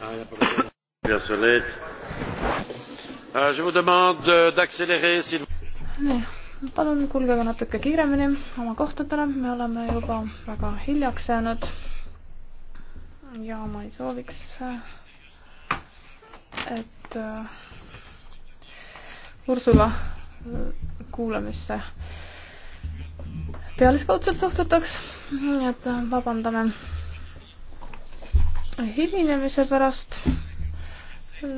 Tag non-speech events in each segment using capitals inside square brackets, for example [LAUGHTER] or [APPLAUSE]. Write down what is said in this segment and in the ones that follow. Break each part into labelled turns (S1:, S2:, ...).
S1: Euh, euh,
S2: palun kulgege natuke kiiremini oma kohtadele, me oleme juba väga hiljaks jäänud. ja ma ei sooviks, et äh, Ursula äh, kuulamisse pealiskaudselt suhtutaks, nii et äh, vabandame hilinemise pärast.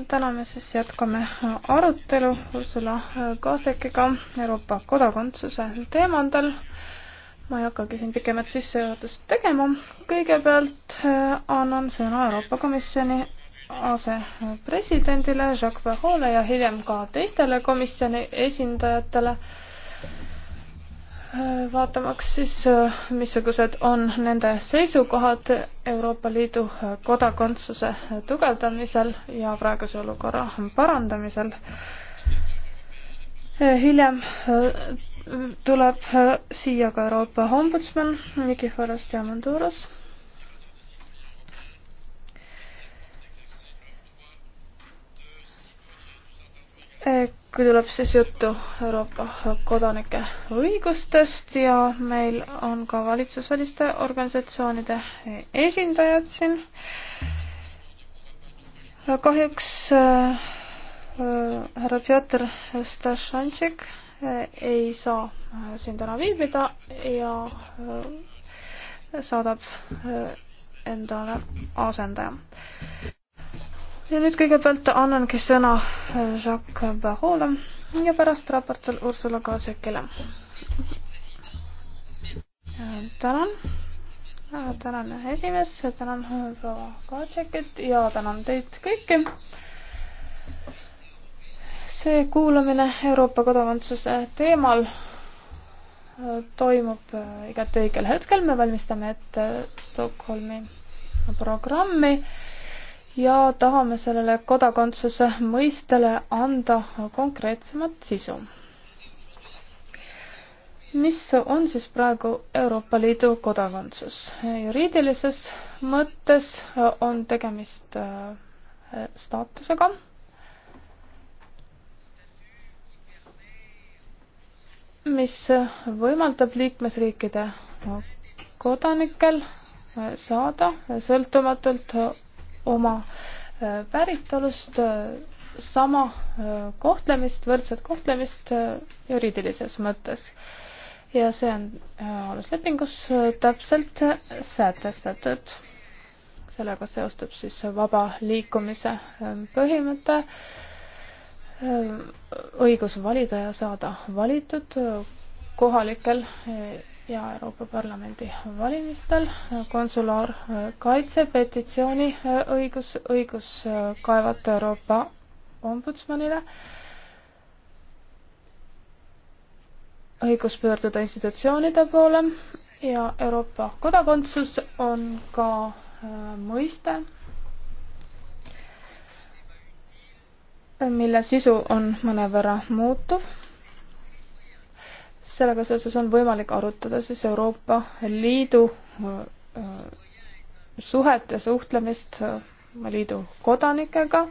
S2: täname siis, jätkame arutelu Ursula Kaasekiga Euroopa kodakondsuse teemadel. ma ei hakkagi siin pikemat sissejuhatust tegema. kõigepealt äh, annan sõna Euroopa Komisjoni asepresidendile Jacques Verhole ja hiljem ka teistele komisjoni esindajatele vaatamaks siis, äh, missugused on nende seisukohad Euroopa Liidu äh, kodakondsuse äh, tugevdamisel ja praeguse olukorra parandamisel. hiljem tuleb siia ka Euroopa ombudsman Nikiforos Diamanduros kui tuleb siis juttu Euroopa kodanike õigustest ja meil on ka valitsusväliste organisatsioonide esindajad siin. kahjuks äh, härra Pjotor Stašantšik äh, ei saa äh, siin täna viibida ja saadab endale asendaja ja nüüd kõigepealt annangi sõna äh, Jacques Barrole ja pärast raportil Ursula Kaasekile. Äh, tänan, äh, tänan esimees, tänan proua Kaaseket ja tänan teid kõiki. see kuulamine Euroopa kodakondsuse teemal toimub igati õigel hetkel, me valmistame ette Stockholmi programmi ja tahame sellele kodakondsuse mõistele anda konkreetsemat sisu. mis on siis praegu Euroopa Liidu kodakondsus? juriidilises mõttes on tegemist äh, staatusega, mis võimaldab liikmesriikide kodanikel saada sõltumatult oma äh, päritolust äh, sama äh, kohtlemist, võrdset kohtlemist juriidilises mõttes. ja see on aluslepingus täpselt sätestatud. sellega seostub siis vaba liikumise põhimõte, õigus valida ja saada valitud kohalikel ja Euroopa Parlamendi valimistel konsulaarkaitse, äh, petitsiooni äh, õigus, õigus äh, kaevata Euroopa ombudsmanile, õigus pöörduda institutsioonide poole ja Euroopa kodakondsus on ka mõiste, mille sisu on mõnevõrra muutuv sellega seoses on võimalik arutada siis Euroopa Liidu äh, äh, suhet ja suhtlemist äh, liidu kodanikega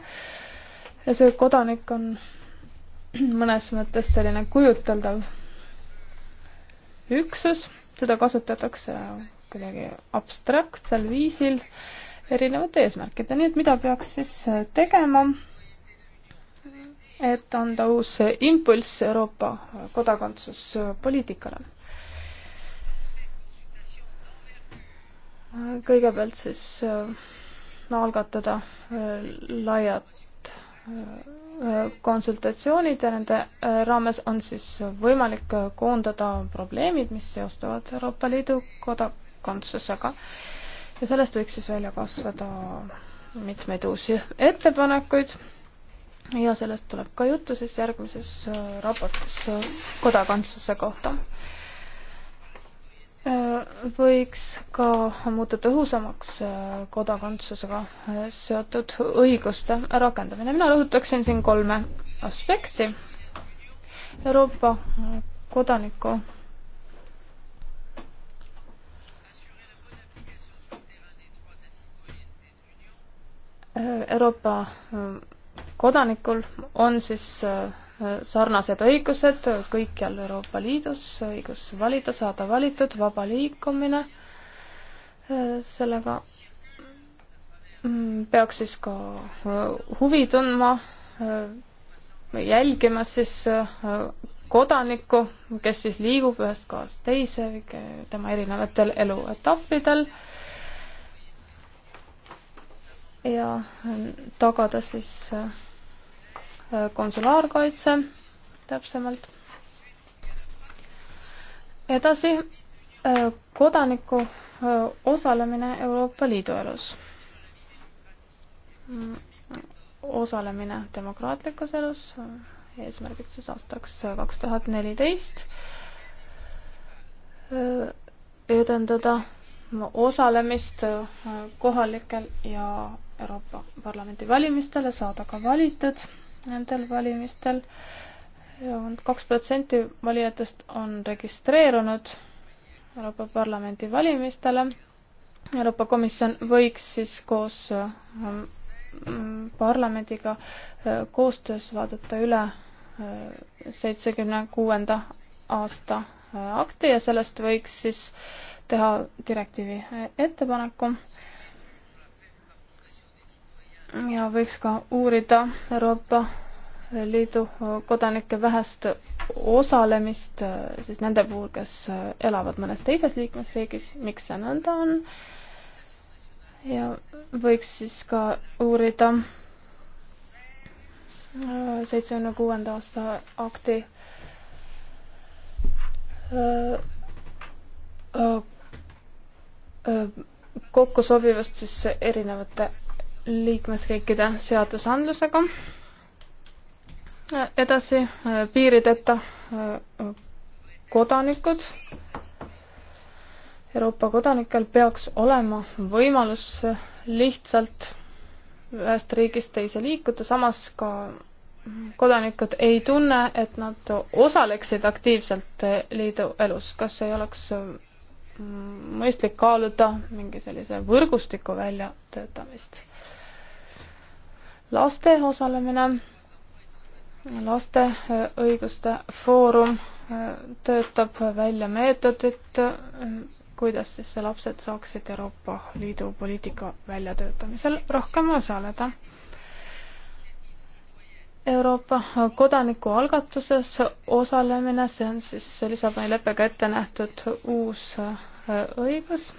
S2: ja see kodanik on [CLEARS THROAT] mõnes mõttes selline kujuteldav üksus, seda kasutatakse kuidagi abstraktsel viisil erinevate eesmärkide, nii et mida peaks siis tegema et anda uus impulss Euroopa kodakondsuspoliitikale. kõigepealt siis no, äh, algatada äh, laiad äh, konsultatsioonid ja nende raames on siis võimalik koondada probleemid, mis seostuvad Euroopa Liidu kodakondsusega. ja sellest võiks siis välja kasvada mitmeid uusi ettepanekuid ja sellest tuleb ka juttu siis järgmises äh, raportis äh, kodakondsuse kohta. Äh, võiks ka muuta tõhusamaks kodakondsusega seotud õiguste rakendamine. mina rõhutaksin siin kolme aspekti. Euroopa kodaniku Euroopa kodanikul on siis äh, sarnased õigused kõikjal Euroopa Liidus, õigus valida, saada valitud, vaba liikumine, äh, sellega mm, peaks siis ka äh, huvi tundma, jälgima siis kodanikku, kes siis liigub ühest kohast teise, tema erinevatel eluetappidel ja tagada siis konsulaarkaitse täpsemalt. edasi, äh, kodaniku äh, osalemine Euroopa Liidu elus. Mm, osalemine demokraatlikus elus, äh, eesmärgiks siis aastaks kaks tuhat neliteist edendada osalemist kohalikel ja Euroopa Parlamendi valimistel ja saada ka valitud nendel valimistel. kaks protsenti valijatest on registreerunud Euroopa Parlamendi valimistele. Euroopa Komisjon võiks siis koos äh, parlamendiga äh, koostöös vaadata üle äh, seitsmekümne kuuenda aasta akti ja sellest võiks siis teha direktiivi ettepaneku ja võiks ka uurida Euroopa Liidu kodanike vähest osalemist äh, siis nende puhul, kes äh, elavad mõnes teises liikmesriigis, miks see nõnda on. ja võiks siis ka uurida äh, seitsmekümne kuuenda aasta akti kokkusobivust siis erinevate liikmesriikide seadusandlusega. edasi äh, piirideta äh, kodanikud. Euroopa kodanikel peaks olema võimalus lihtsalt ühest riigist teise liikuda, samas ka kodanikud ei tunne, et nad osaleksid aktiivselt äh, liidu elus. kas ei oleks mõistlik kaaluda mingi sellise võrgustiku väljatöötamist? laste osalemine, laste äh, õiguste foorum äh, töötab välja meetodit, äh, kuidas siis lapsed saaksid Euroopa Liidu poliitika väljatöötamisel rohkem osaleda. Euroopa kodanikualgatuses osalemine, see on siis Lissaboni leppega ette nähtud uus õigus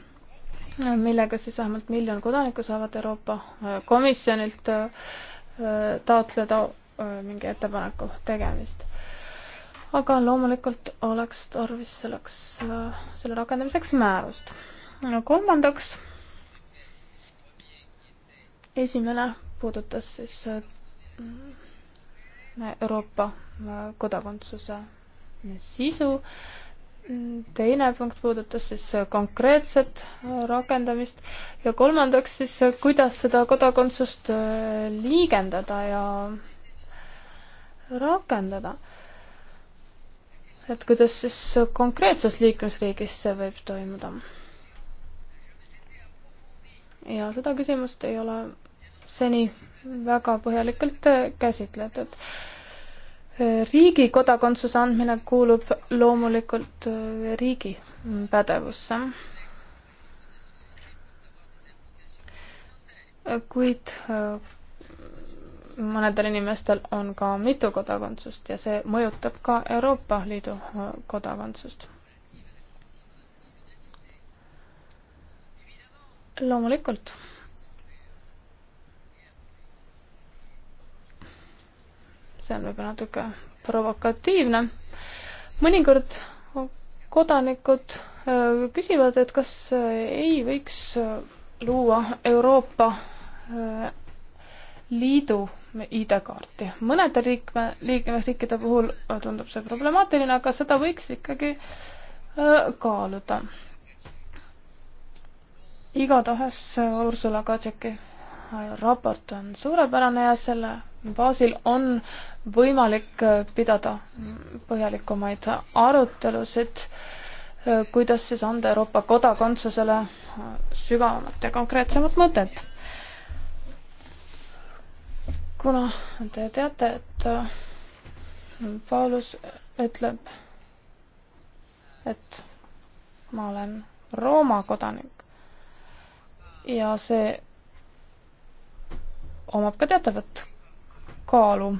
S2: millega siis vähemalt miljon kodanikku saavad Euroopa äh, Komisjonilt äh, taotleda äh, mingi ettepaneku tegemist. aga loomulikult oleks tarvis selleks, selle rakendamiseks määrust. no kolmandaks, esimene puudutas siis Euroopa kodakondsuse sisu teine punkt puudutas siis konkreetset äh, rakendamist ja kolmandaks siis, äh, kuidas seda kodakondsust äh, liigendada ja rakendada. et kuidas siis konkreetses liikmesriigis see võib toimuda. ja seda küsimust ei ole seni väga põhjalikult käsitletud riigi kodakondsuse andmine kuulub loomulikult äh, riigi pädevusse. kuid äh, mõnedel inimestel on ka mitu kodakondsust ja see mõjutab ka Euroopa Liidu äh, kodakondsust. loomulikult see on võib-olla natuke provokatiivne. mõnikord kodanikud äh, küsivad, et kas äh, ei võiks äh, luua Euroopa Liidu ID-kaarti. mõnede liikme, liikmesriikide puhul tundub see problemaatiline, aga seda võiks ikkagi kaaluda. igatahes Ursula Kadžeki raport on suurepärane ja selle baasil on võimalik pidada põhjalikumaid arutelusid, kuidas siis anda Euroopa kodakondsusele sügavamat ja konkreetsemat mõtet. kuna te teate, et Paulus ütleb, et ma olen Rooma kodanik ja see omab ka teatavat kaalu.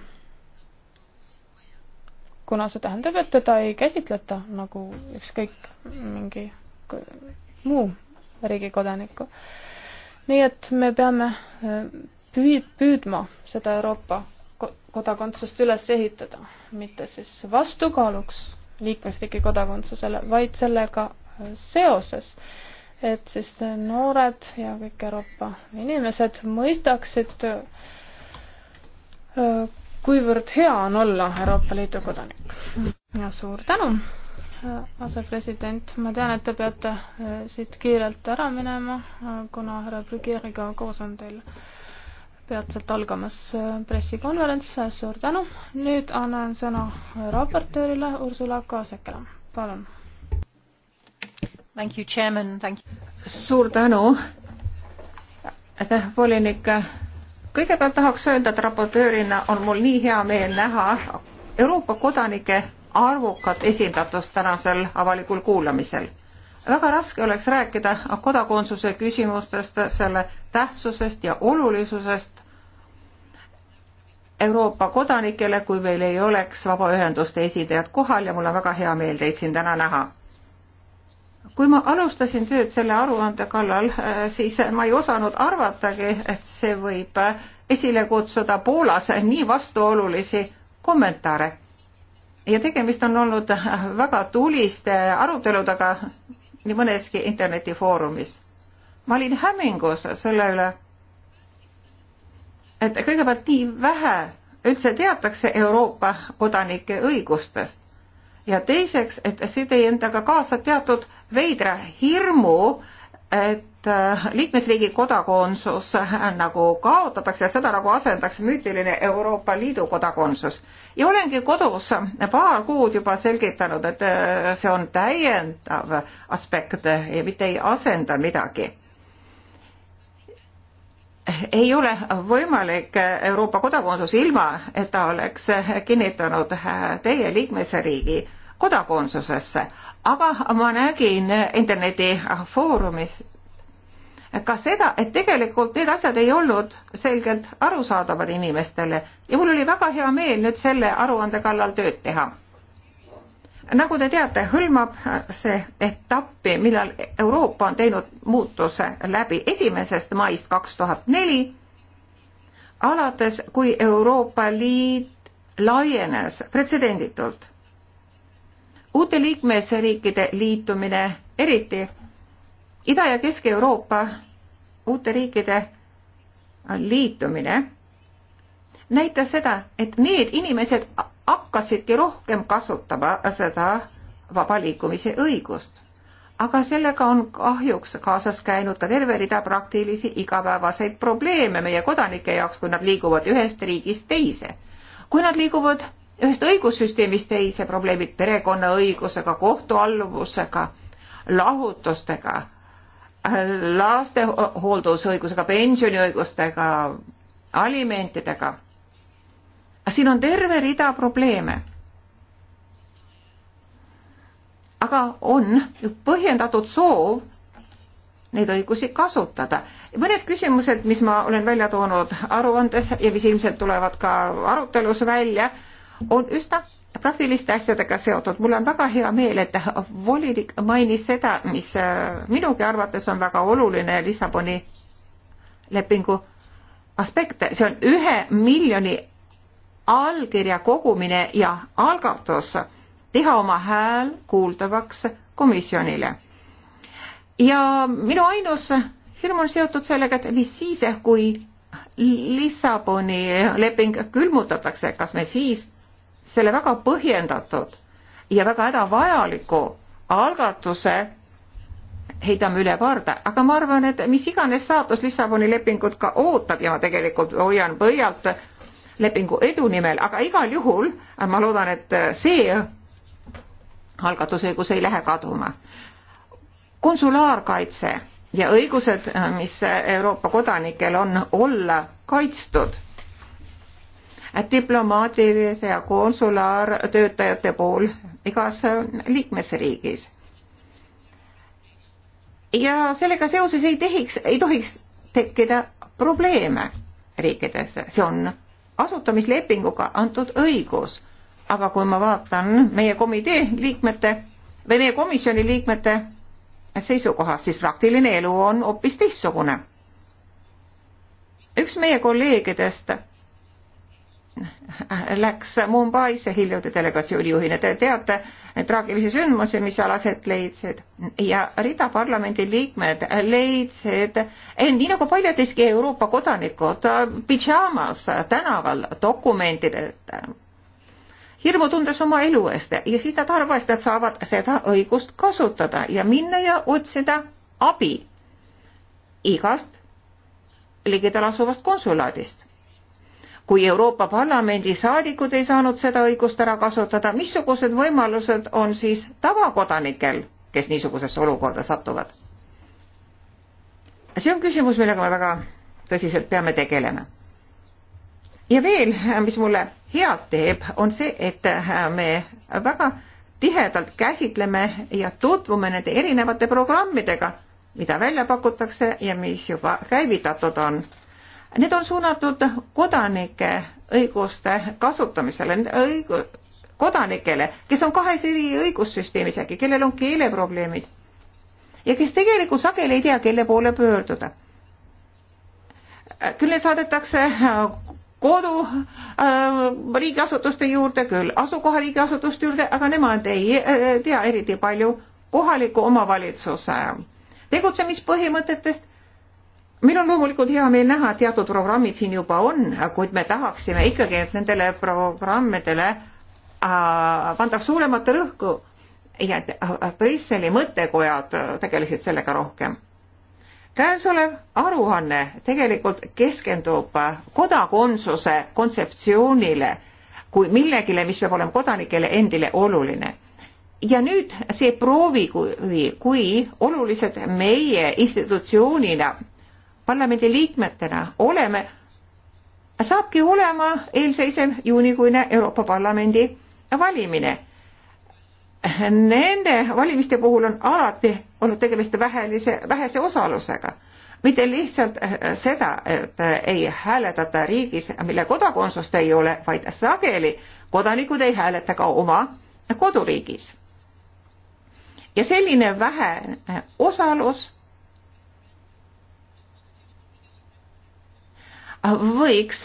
S2: kuna see tähendab, et teda ei käsitleta nagu ükskõik mingi muu riigi kodanikku. nii et me peame äh, püüd-, püüdma seda Euroopa kodakondsust üles ehitada, mitte siis vastukaaluks liikmesriigi kodakondsusele, vaid sellega äh, seoses äh, et siis noored ja kõik Euroopa inimesed mõistaksid, äh, kuivõrd hea on olla Euroopa Liidu kodanik. ja suur tänu, äh, asepresident, ma tean, et te peate äh, siit kiirelt ära minema, kuna härra Brügeriga koos on teil peatselt algamas pressikonverents, suur tänu. nüüd annan sõna raportöörile Ursula Kaasekele, palun
S3: suur tänu, aitäh, volinik. kõigepealt tahaks öelda, et raportöörina on mul nii hea meel näha Euroopa kodanike arvukat esindatust tänasel avalikul kuulamisel. väga raske oleks rääkida kodakondsuse küsimustest, selle tähtsusest ja olulisusest Euroopa kodanikele, kui meil ei oleks vabaühenduste esindajad kohal ja mul on väga hea meel teid siin täna näha kui ma alustasin tööd selle aruande kallal, äh, siis ma ei osanud arvatagi, et see võib äh, esile kutsuda Poolas nii vastuolulisi kommentaare. ja tegemist on olnud äh, väga tuliste aruteludega nii mõneski internetifoorumis. ma olin hämmingus selle üle, et kõigepealt nii vähe üldse teatakse Euroopa kodanike õigustest ja teiseks, et see tõi endaga kaasa teatud veidra hirmu, et äh, liikmesriigi kodakondsus äh, nagu kaotatakse ja seda nagu asendatakse müütiline Euroopa Liidu kodakondsus. ja olengi kodus paar kuud juba selgitanud, et äh, see on täiendav aspekt ja mitte ei asenda midagi ei ole võimalik Euroopa kodakondsus ilma, et ta oleks kinnitanud teie liikmesriigi kodakondsusesse, aga ma nägin internetifoorumis ka seda, et tegelikult need asjad ei olnud selgelt arusaadavad inimestele ja mul oli väga hea meel nüüd selle aruande kallal tööd teha nagu te teate, hõlmab see etappi, millal Euroopa on teinud muutuse läbi esimesest maist kaks tuhat neli, alates kui Euroopa Liit laienes pretsedenditult. uute liikmesriikide liitumine, eriti Ida- ja Kesk-Euroopa uute riikide liitumine, näitas seda, et need inimesed hakkasidki rohkem kasutama seda vaba liikumise õigust. aga sellega on kahjuks kaasas käinud ka terve rida praktilisi igapäevaseid probleeme meie kodanike jaoks, kui nad liiguvad ühest riigist teise. kui nad liiguvad ühest õigussüsteemist teise, probleemid perekonnaõigusega, kohtualluvusega, lahutustega, laste hooldusõigusega, pensioniõigustega, alimentidega siin on terve rida probleeme. aga on põhjendatud soov neid õigusi kasutada. mõned küsimused, mis ma olen välja toonud aruandes ja mis ilmselt tulevad ka arutelus välja, on üsna praktiliste asjadega seotud. mul on väga hea meel, et volinik mainis seda, mis äh, minugi arvates on väga oluline Lissaboni lepingu aspekte, see on ühe miljoni allkirja kogumine ja algatus teha oma hääl kuuldavaks komisjonile. ja minu ainus hirm on seotud sellega, et mis siis, kui Lissaboni leping külmutatakse, kas me siis selle väga põhjendatud ja väga hädavajaliku algatuse heidame üle parda, aga ma arvan, et mis iganes saatus Lissaboni lepingut ka ootab ja ma tegelikult hoian põhjalt lepingu edu nimel, aga igal juhul äh, ma loodan, et äh, see algatusõigus ei lähe kaduma. konsulaarkaitse ja õigused, äh, mis Euroopa kodanikel on olla kaitstud diplomaatilise ja konsulaartöötajate pool igas liikmesriigis. ja sellega seoses ei tehiks, ei tohiks tekkida probleeme riikides, see on asutamislepinguga antud õigus. aga kui ma vaatan meie komitee liikmete või meie komisjoni liikmete seisukohast, siis praktiline elu on hoopis teistsugune. üks meie kolleegidest läks Mumbaisse hiljuti delegatsiooni juhina. Te teate traagilisi sündmusi, mis seal aset leidsid ja rida parlamendi liikmed leidsid, nii nagu paljudeski Euroopa kodanikud, pidžaamas tänaval dokumentideta hirmu tundes oma elu eest ja siis nad arvasid, et saavad seda õigust kasutada ja minna ja otsida abi igast ligidal asuvast konsulaadist kui Euroopa Parlamendi saadikud ei saanud seda õigust ära kasutada, missugused võimalused on siis tavakodanikel, kes niisugusesse olukorda satuvad? see on küsimus, millega me väga tõsiselt peame tegelema. ja veel, mis mulle head teeb, on see, et me väga tihedalt käsitleme ja tutvume nende erinevate programmidega, mida välja pakutakse ja mis juba käivitatud on Need on suunatud kodanike õiguste kasutamisele, õigu-, kodanikele, kes on kahes eri õigussüsteemis äkki, kellel on keeleprobleemid ja kes tegelikult sageli ei tea, kelle poole pöörduda. küll need saadetakse äh, kodu äh, riigiasutuste juurde, küll asukoha riigiasutuste juurde, aga nemad ei äh, tea eriti palju kohaliku omavalitsuse tegutsemispõhimõtetest meil on loomulikult hea meel näha, et teatud programmid siin juba on, kuid me tahaksime ikkagi, et nendele programmidele äh, pandaks suuremat rõhku ja et äh, Brüsseli mõttekojad äh, tegelesid sellega rohkem. käesolev aruanne tegelikult keskendub kodakondsuse kontseptsioonile kui millegile, mis peab olema kodanikele endile oluline ja nüüd see proovikivi, kui olulised meie institutsioonina parlamendi liikmetena oleme, saabki olema eelseisev juunikuine Euroopa Parlamendi valimine. Nende valimiste puhul on alati olnud tegemist vähelise, vähese osalusega mitte lihtsalt eh, seda, et eh, ei hääletata riigis, mille kodakondsust ei ole, vaid sageli kodanikud ei hääleta ka oma koduriigis. ja selline vähe osalus võiks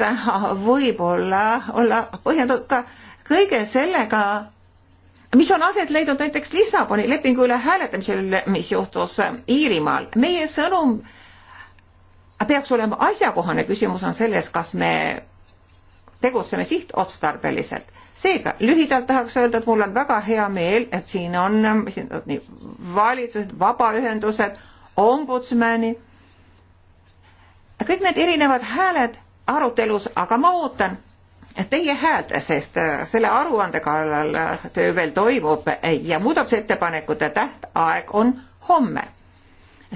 S3: võib-olla olla põhjendatud ka kõige sellega, mis on aset leidnud näiteks Lissaboni lepingu üle hääletamisel, mis juhtus Iirimaal. meie sõnum peaks olema asjakohane, küsimus on selles, kas me tegutseme sihtotstarbeliselt. seega lühidalt tahaks öelda, et mul on väga hea meel, et siin on esindatud nii valitsused, vabaühendused, ombudsmanid kõik need erinevad hääled arutelus, aga ma ootan teie häält, sest äh, selle aruande kallal äh, töö veel toimub ja muudatusettepanekute tähtaeg on homme.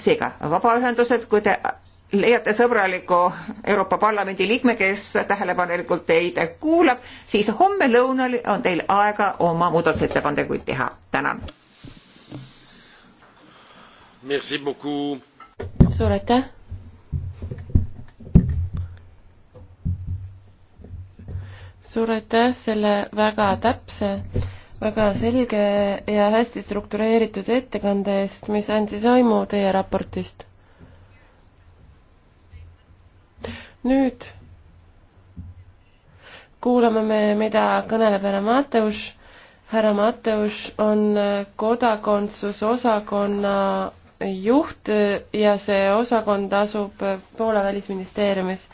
S3: seega vabaühendused, kui te leiate sõbraliku Euroopa Parlamendi liikme, kes tähelepanelikult teid kuulab, siis homme lõunal on teil aega oma muudatusettepanekuid teha. tänan.
S4: suur aitäh suur aitäh selle väga täpse, väga selge ja hästi struktureeritud ettekande eest, mis andis aimu teie raportist. nüüd kuulame me, mida kõneleb härra Mateus. härra Mateus on kodakondsusosakonna juht ja see osakond asub Poola välisministeeriumis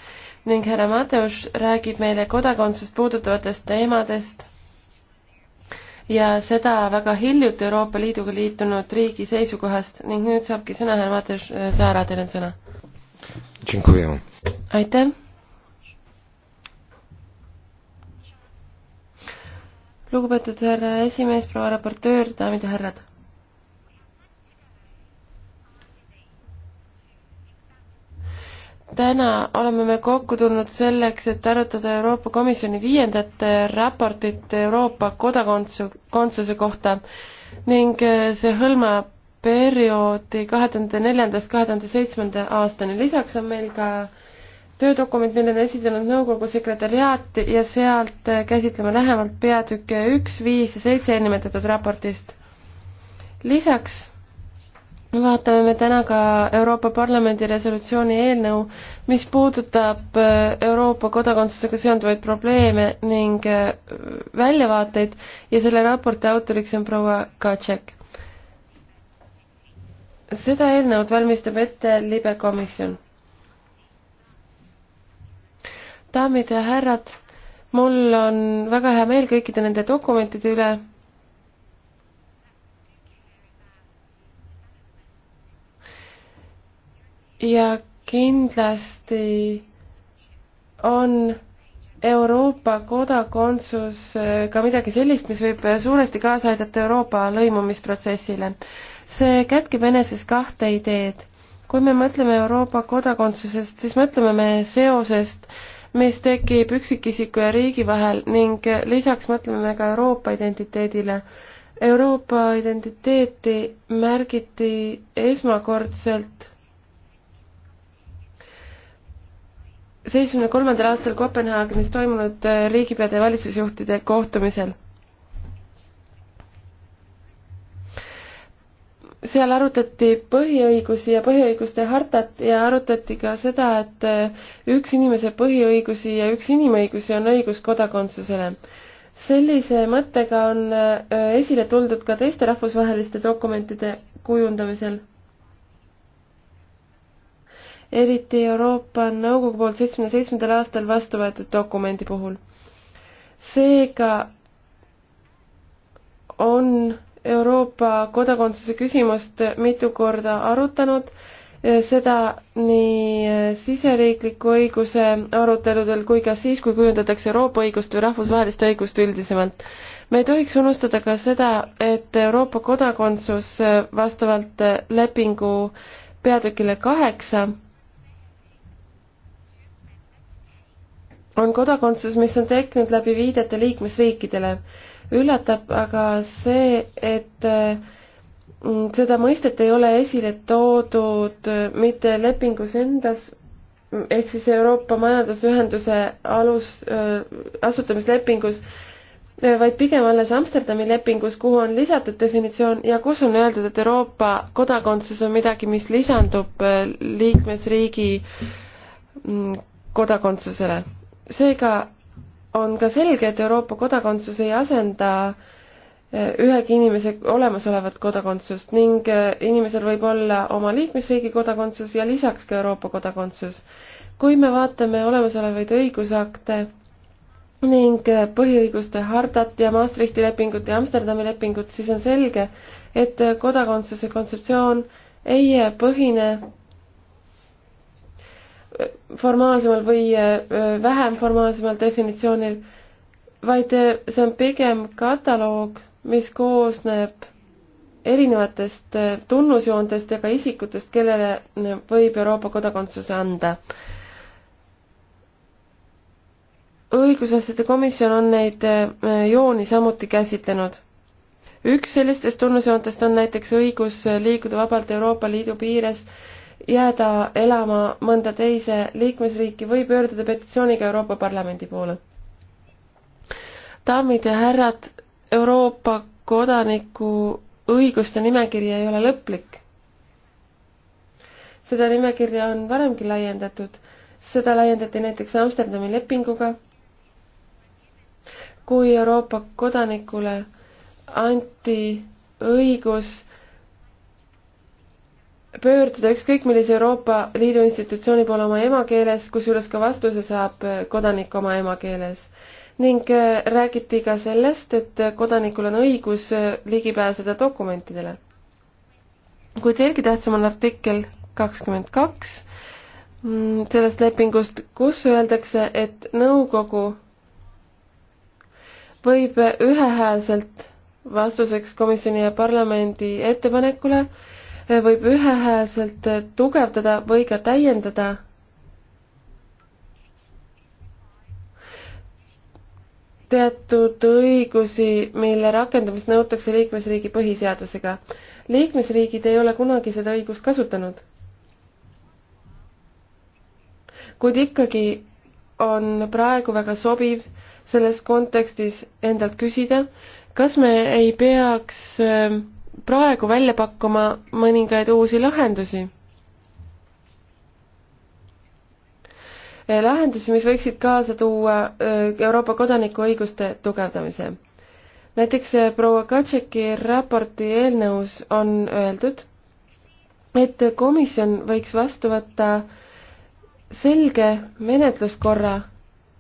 S4: ning härra Mateus räägib meile kodakondsust puudutavatest teemadest ja seda väga hiljuti Euroopa Liiduga liitunud riigi seisukohast ning nüüd saabki sõna härra Mateus äh, Saara, teil on sõna. aitäh. lugupeetud härra esimees, proua raportöör, daamid ja härrad täna oleme me kokku tulnud selleks, et arutada Euroopa Komisjoni viiendat raportit Euroopa kodakondsuse kohta ning see hõlmab perioodi kahe tuhande neljandast kahe tuhande seitsmenda aastani. lisaks on meil ka töödokument, mille on esitanud nõukogu sekretäriaat ja sealt käsitleme lähemalt peatükke üks, viis ja seitse nimetatud raportist. lisaks vaatame me täna ka Euroopa Parlamendi resolutsiooni eelnõu, mis puudutab äh, Euroopa kodakondsusega seonduvaid probleeme ning äh, väljavaateid ja selle raporti autoriks on proua Kacek. seda eelnõud valmistab ette libe komisjon. daamid ja härrad, mul on väga hea meel kõikide nende dokumentide üle ja kindlasti on Euroopa kodakondsus äh, ka midagi sellist, mis võib äh, suuresti kaasa aidata Euroopa lõimumisprotsessile. see kätkeb eneses kahte ideed. kui me mõtleme Euroopa kodakondsusest, siis mõtleme me seosest, mis tekib üksikisiku ja riigi vahel ning äh, lisaks mõtleme me ka Euroopa identiteedile. Euroopa identiteeti märgiti esmakordselt seitsmekümne kolmandal aastal Kopenhaagenis toimunud äh, riigipeade ja valitsusjuhtide kohtumisel. seal arutati põhiõigusi ja põhiõiguste hartat ja arutati ka seda, et äh, üks inimese põhiõigusi ja üks inimõigusi on õigus kodakondsusele. sellise mõttega on äh, esile tuldud ka teiste rahvusvaheliste dokumentide kujundamisel eriti Euroopa Nõukogu poolt seitsmekümne seitsmendal aastal vastu võetud dokumendi puhul. seega on Euroopa kodakondsuse küsimust mitu korda arutanud, seda nii siseriikliku õiguse aruteludel kui ka siis, kui kujundatakse Euroopa õigust või rahvusvahelist õigust üldisemalt. me ei tohiks unustada ka seda, et Euroopa kodakondsus vastavalt lepingu peatükile kaheksa on kodakondsus, mis on tekkinud läbi viidete liikmesriikidele. üllatab aga see, et mm, seda mõistet ei ole esile toodud mitte lepingus endas, ehk siis Euroopa Majandusühenduse alus äh,, asutamislepingus, vaid pigem alles Amsterdami lepingus, kuhu on lisatud definitsioon ja kus on öeldud, et Euroopa kodakondsus on midagi, mis lisandub äh, liikmesriigi mm, kodakondsusele seega on ka selge, et Euroopa kodakondsus ei asenda eh, ühegi inimese olemasolevat kodakondsust ning eh, inimesel võib olla oma liikmesriigi kodakondsus ja lisaks ka Euroopa kodakondsus. kui me vaatame olemasolevaid õigusakte ning eh, põhiõiguste hardat ja Maastrichti lepingut ja Amsterdami lepingut, siis on selge, et kodakondsuse kontseptsioon ei põhine formaalsemal või äh, vähem formaalsemal definitsioonil, vaid äh, see on pigem kataloog, mis koosneb erinevatest äh, tunnusjoontest ja ka isikutest, kellele võib Euroopa kodakondsuse anda. õigusasjade komisjon on neid jooni samuti käsitlenud. üks sellistest tunnusjoontest on näiteks õigus liikuda vabalt Euroopa Liidu piires jääda elama mõnda teise liikmesriiki või pöörduda petitsiooniga Euroopa Parlamendi poole. daamid ja härrad, Euroopa kodaniku õiguste nimekiri ei ole lõplik. seda nimekirja on varemgi laiendatud, seda laiendati näiteks Amsterdami lepinguga, kui Euroopa kodanikule anti õigus pöörduda ükskõik millise Euroopa Liidu institutsiooni poole oma emakeeles, kusjuures ka vastuse saab äh, kodanik oma emakeeles. ning äh, räägiti ka sellest, et kodanikul on õigus äh, ligi pääseda dokumentidele. kuid veelgi tähtsam on artikkel kakskümmend kaks mm, sellest lepingust, kus öeldakse, et nõukogu võib ühehäälselt vastuseks komisjoni ja parlamendi ettepanekule äh, võib ühehäälselt tugevdada või ka täiendada teatud õigusi, mille rakendamist nõutakse liikmesriigi põhiseadusega. liikmesriigid ei ole kunagi seda õigust kasutanud. kuid ikkagi on praegu väga sobiv selles kontekstis endalt küsida, kas me ei peaks äh, praegu välja pakkuma mõningaid uusi lahendusi. lahendusi, mis võiksid kaasa tuua äh, Euroopa kodanikuõiguste tugevdamise. näiteks äh, proua Katšeki raporti eelnõus on öeldud, et komisjon võiks vastu võtta selge menetluskorra,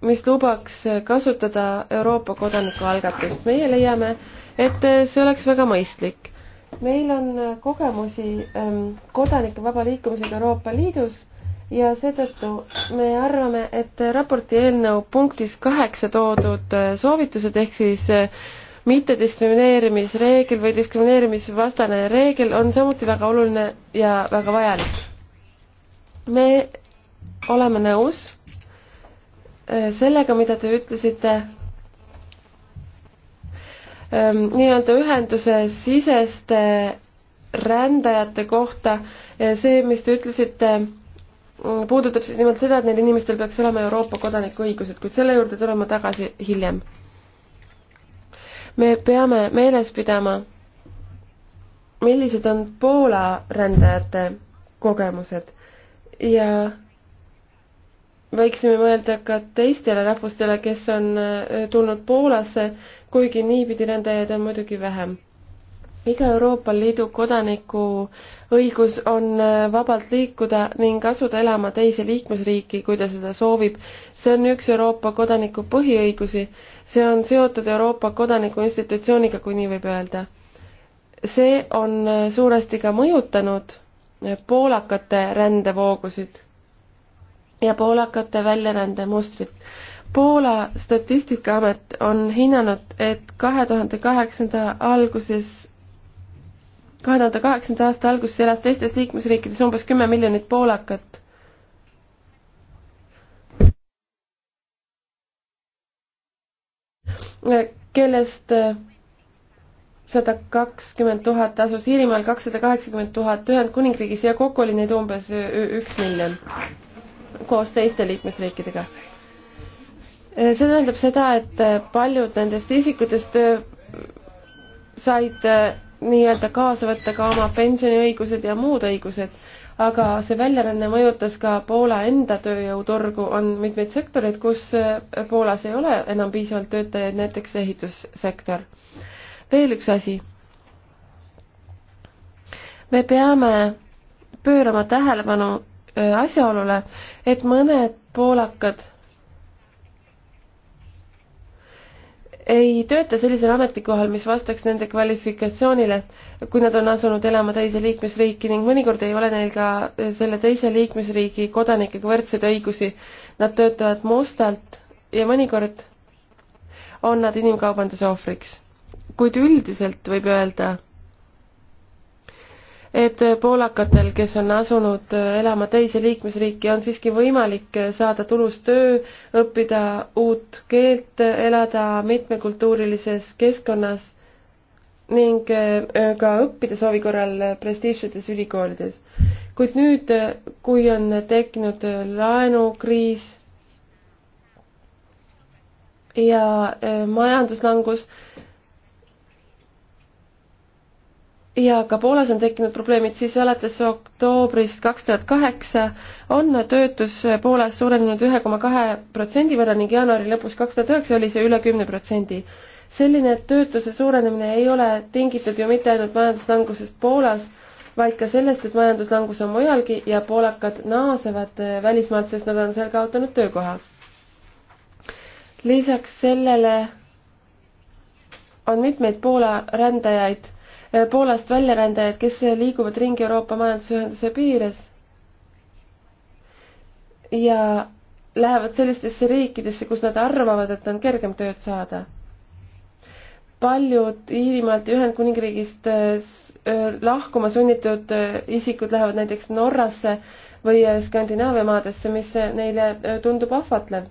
S4: mis lubaks kasutada Euroopa kodanikualgatust. meie leiame, et see oleks väga mõistlik meil on äh, kogemusi ähm, kodanike vaba liikumisega Euroopa Liidus ja seetõttu me arvame, et raporti eelnõu punktis kaheksa toodud äh, soovitused ehk siis äh, mittediskrimineerimisreegel või diskrimineerimisvastane reegel on samuti väga oluline ja väga vajalik. me oleme nõus sellega, mida te ütlesite Ehm, nii-öelda ühenduse siseste rändajate kohta, see, mis te ütlesite, mm, puudutab siis nimelt seda, et neil inimestel peaks olema Euroopa kodanikuõigused, kuid selle juurde tulen ma tagasi hiljem. me peame meeles pidama, millised on Poola rändajate kogemused ja võiksime mõelda ka teistele rahvustele, kes on äh, tulnud Poolasse kuigi niipidi rändajaid on muidugi vähem iga Euroopa Liidu kodaniku õigus on äh, vabalt liikuda ning asuda elama teise liikmesriiki, kui ta seda soovib. see on üks Euroopa kodaniku põhiõigusi, see on seotud Euroopa kodaniku institutsiooniga, kui nii võib öelda. see on äh, suuresti ka mõjutanud äh, poolakate rändevoogusid ja poolakate väljarände mustrit Poola statistikaamet on hinnanud, et kahe tuhande kaheksanda alguses, kahe tuhande kaheksanda aasta alguses elas teistes liikmesriikides umbes kümme miljonit poolakat. kellest äh, sada kakskümmend tuhat asus Iirimaal, kakssada kaheksakümmend tuhat Ühendkuningriigis ja kokku oli neid umbes äh, üks miljon koos teiste liikmesriikidega see tähendab seda, et paljud nendest isikutest äh, said äh, nii-öelda kaasa võtta ka oma pensioniõigused ja muud õigused, aga see väljaränne mõjutas ka Poola enda tööjõuturgu, on mitmeid sektoreid, kus äh, Poolas ei ole enam piisavalt töötajaid, näiteks ehitussektor. veel üks asi. me peame pöörama tähelepanu asjaolule, et mõned poolakad ei tööta sellisel ametikohal, mis vastaks nende kvalifikatsioonile, kui nad on asunud elama teise liikmesriiki ning mõnikord ei ole neil ka eh, selle teise liikmesriigi kodanikega võrdseid õigusi. Nad töötavad mustalt ja mõnikord on nad inimkaubanduse ohvriks. kuid üldiselt võib öelda, et poolakatel, kes on asunud äh, elama teise liikmesriiki, on siiski võimalik äh, saada tulus töö, õppida uut keelt, äh, elada mitmekultuurilises keskkonnas ning ka õppida soovi korral prestiižsetes ülikoolides. kuid nüüd, kui on tekkinud laenukriis ja majanduslangus, ja ka Poolas on tekkinud probleemid, siis alates oktoobrist kaks tuhat kaheksa on töötus Poolas suurenenud ühe koma kahe protsendi võrra ning jaanuari lõpus kaks tuhat üheksa oli see üle kümne protsendi. selline töötuse suurenemine ei ole tingitud ju mitte ainult majanduslangusest Poolas, vaid ka sellest, et majanduslangus on mujalgi ja poolakad naasevad välismaalt, sest nad on seal kaotanud töökoha. lisaks sellele on mitmeid Poola rändajaid Äh, Poolast väljarändajaid, kes liiguvad ringi Euroopa Majandusühenduse piires ja lähevad sellistesse riikidesse, kus nad arvavad, et on kergem tööd saada. paljud Iirimaalt ja Ühendkuningriigist äh, äh, lahkuma sunnitud isikud lähevad näiteks Norrasse või Skandinaavia maadesse, mis neile tundub ahvatlev.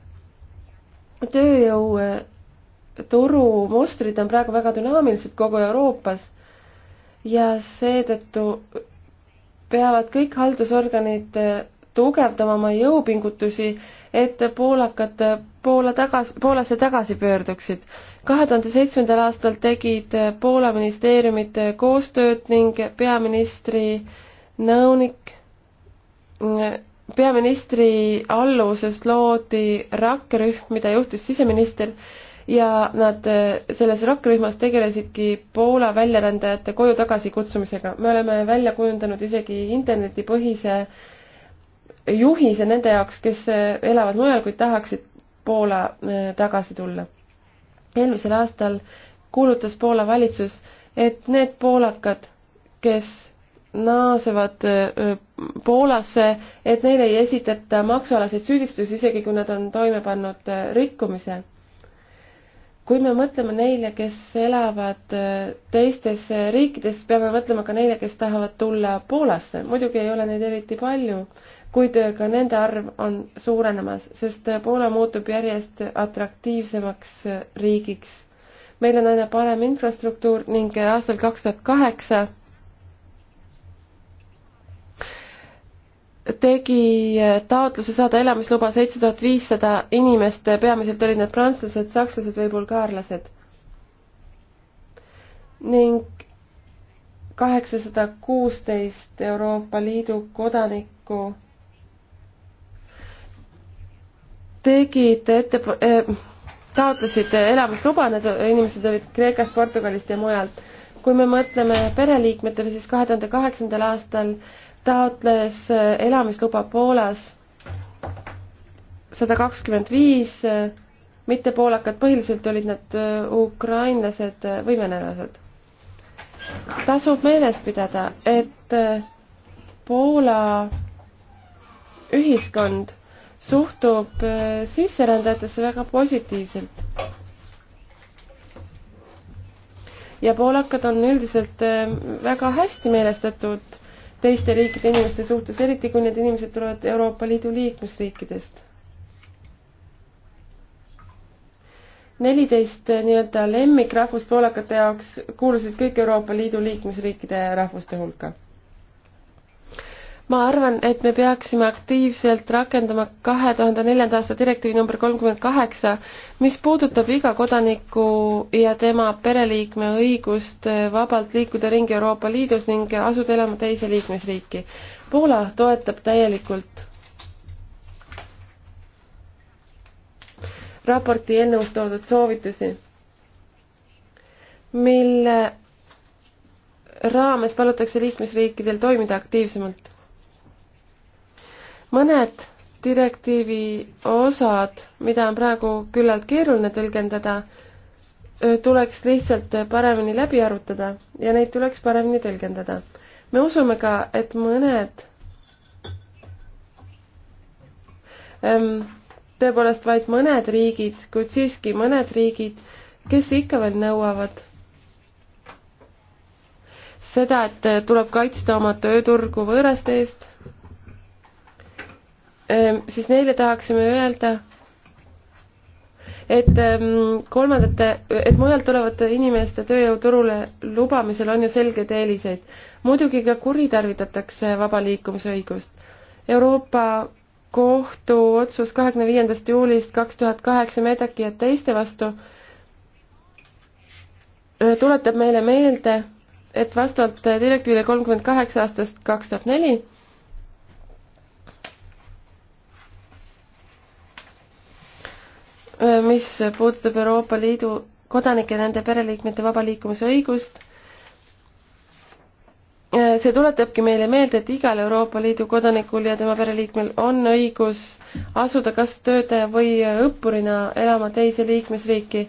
S4: tööjõuturu mustrid on praegu väga dünaamilised kogu Euroopas ja seetõttu peavad kõik haldusorganid äh, tugevdama oma jõupingutusi, et poolakad äh, Poola tagasi, Poolasse tagasi pöörduksid. kahe tuhande seitsmendal aastal tegid äh, Poola ministeeriumid koostööd ning peaministri nõunik, mm, peaministri alluses loodi rakkerühm, mida juhtis siseminister ja nad äh, selles rakkerühmas tegelesidki Poola väljarändajate koju tagasikutsumisega. me oleme välja kujundanud isegi internetipõhise juhise nende jaoks, kes äh, elavad mujal, kuid tahaksid Poola äh, tagasi tulla. eelmisel aastal kuulutas Poola valitsus, et need poolakad, kes naasevad Poolasse, et neile ei esitata maksualaseid süüdistusi, isegi kui nad on toime pannud rikkumise kui me mõtleme neile, kes elavad äh, teistes äh, riikides, peame mõtlema ka neile, kes tahavad tulla Poolasse. muidugi ei ole neid eriti palju, kuid äh, ka nende arv on suurenemas, sest Poola muutub järjest atraktiivsemaks riigiks. meil on aina parem infrastruktuur ning aastal kaks tuhat kaheksa tegi taotluse saada elamisluba seitse tuhat viissada inimest, peamiselt olid need prantslased, sakslased või bulgaarlased. ning kaheksasada kuusteist Euroopa Liidu kodanikku tegid ette äh,, taotlesid elamisluba, need inimesed olid Kreekast, Portugalist ja mujalt. kui me mõtleme pereliikmetele, siis kahe tuhande kaheksandal aastal äh, taotles äh, elamisluba Poolas sada kakskümmend viis äh, mittepoolakad, põhiliselt olid nad äh, ukrainlased või venelased. tasub meeles pidada, et Poola ühiskond suhtub sisserändajatesse väga positiivselt. ja poolakad on üldiselt väga hästi meelestatud teiste riikide inimeste suhtes, eriti kui need inimesed tulevad Euroopa Liidu liikmesriikidest. neliteist nii-öelda lemmikrahvust poolakate jaoks kuulusid kõik Euroopa Liidu liikmesriikide rahvuste hulka ma arvan, et me peaksime aktiivselt rakendama kahe tuhande neljanda aasta direktiivi number kolmkümmend kaheksa, mis puudutab iga kodaniku ja tema pereliikme õigust vabalt liikuda ringi Euroopa Liidus ning asuda elama teise liikmesriiki. Poola toetab täielikult raporti eelnõus toodud soovitusi, mille raames palutakse liikmesriikidel toimida aktiivsemalt mõned direktiivi osad, mida on praegu küllalt keeruline tõlgendada, tuleks lihtsalt paremini läbi arutada ja neid tuleks paremini tõlgendada. me usume ka, et mõned tõepoolest vaid mõned riigid, kuid siiski mõned riigid, kes ikka veel nõuavad seda, et tuleb kaitsta oma tööturgu võõraste eest siis neile tahaksime öelda, et kolmandate, et mujalt tulevate inimeste tööjõuturule lubamisel on ju selgeid eeliseid. muidugi ka kuritarvitatakse vaba liikumisõigust. Euroopa Kohtu otsus kahekümne viiendast juulist kaks tuhat kaheksa Medeki ja teiste vastu tuletab meile meelde, et vastavalt direktiivile kolmkümmend kaheksa aastast kaks tuhat neli mis puudutab Euroopa Liidu kodanike ja nende pereliikmete vaba liikumise õigust. see tuletabki meile meelde, et igal Euroopa Liidu kodanikul ja tema pereliikmel on õigus asuda kas töötaja või õppurina elama teise liikmesriiki.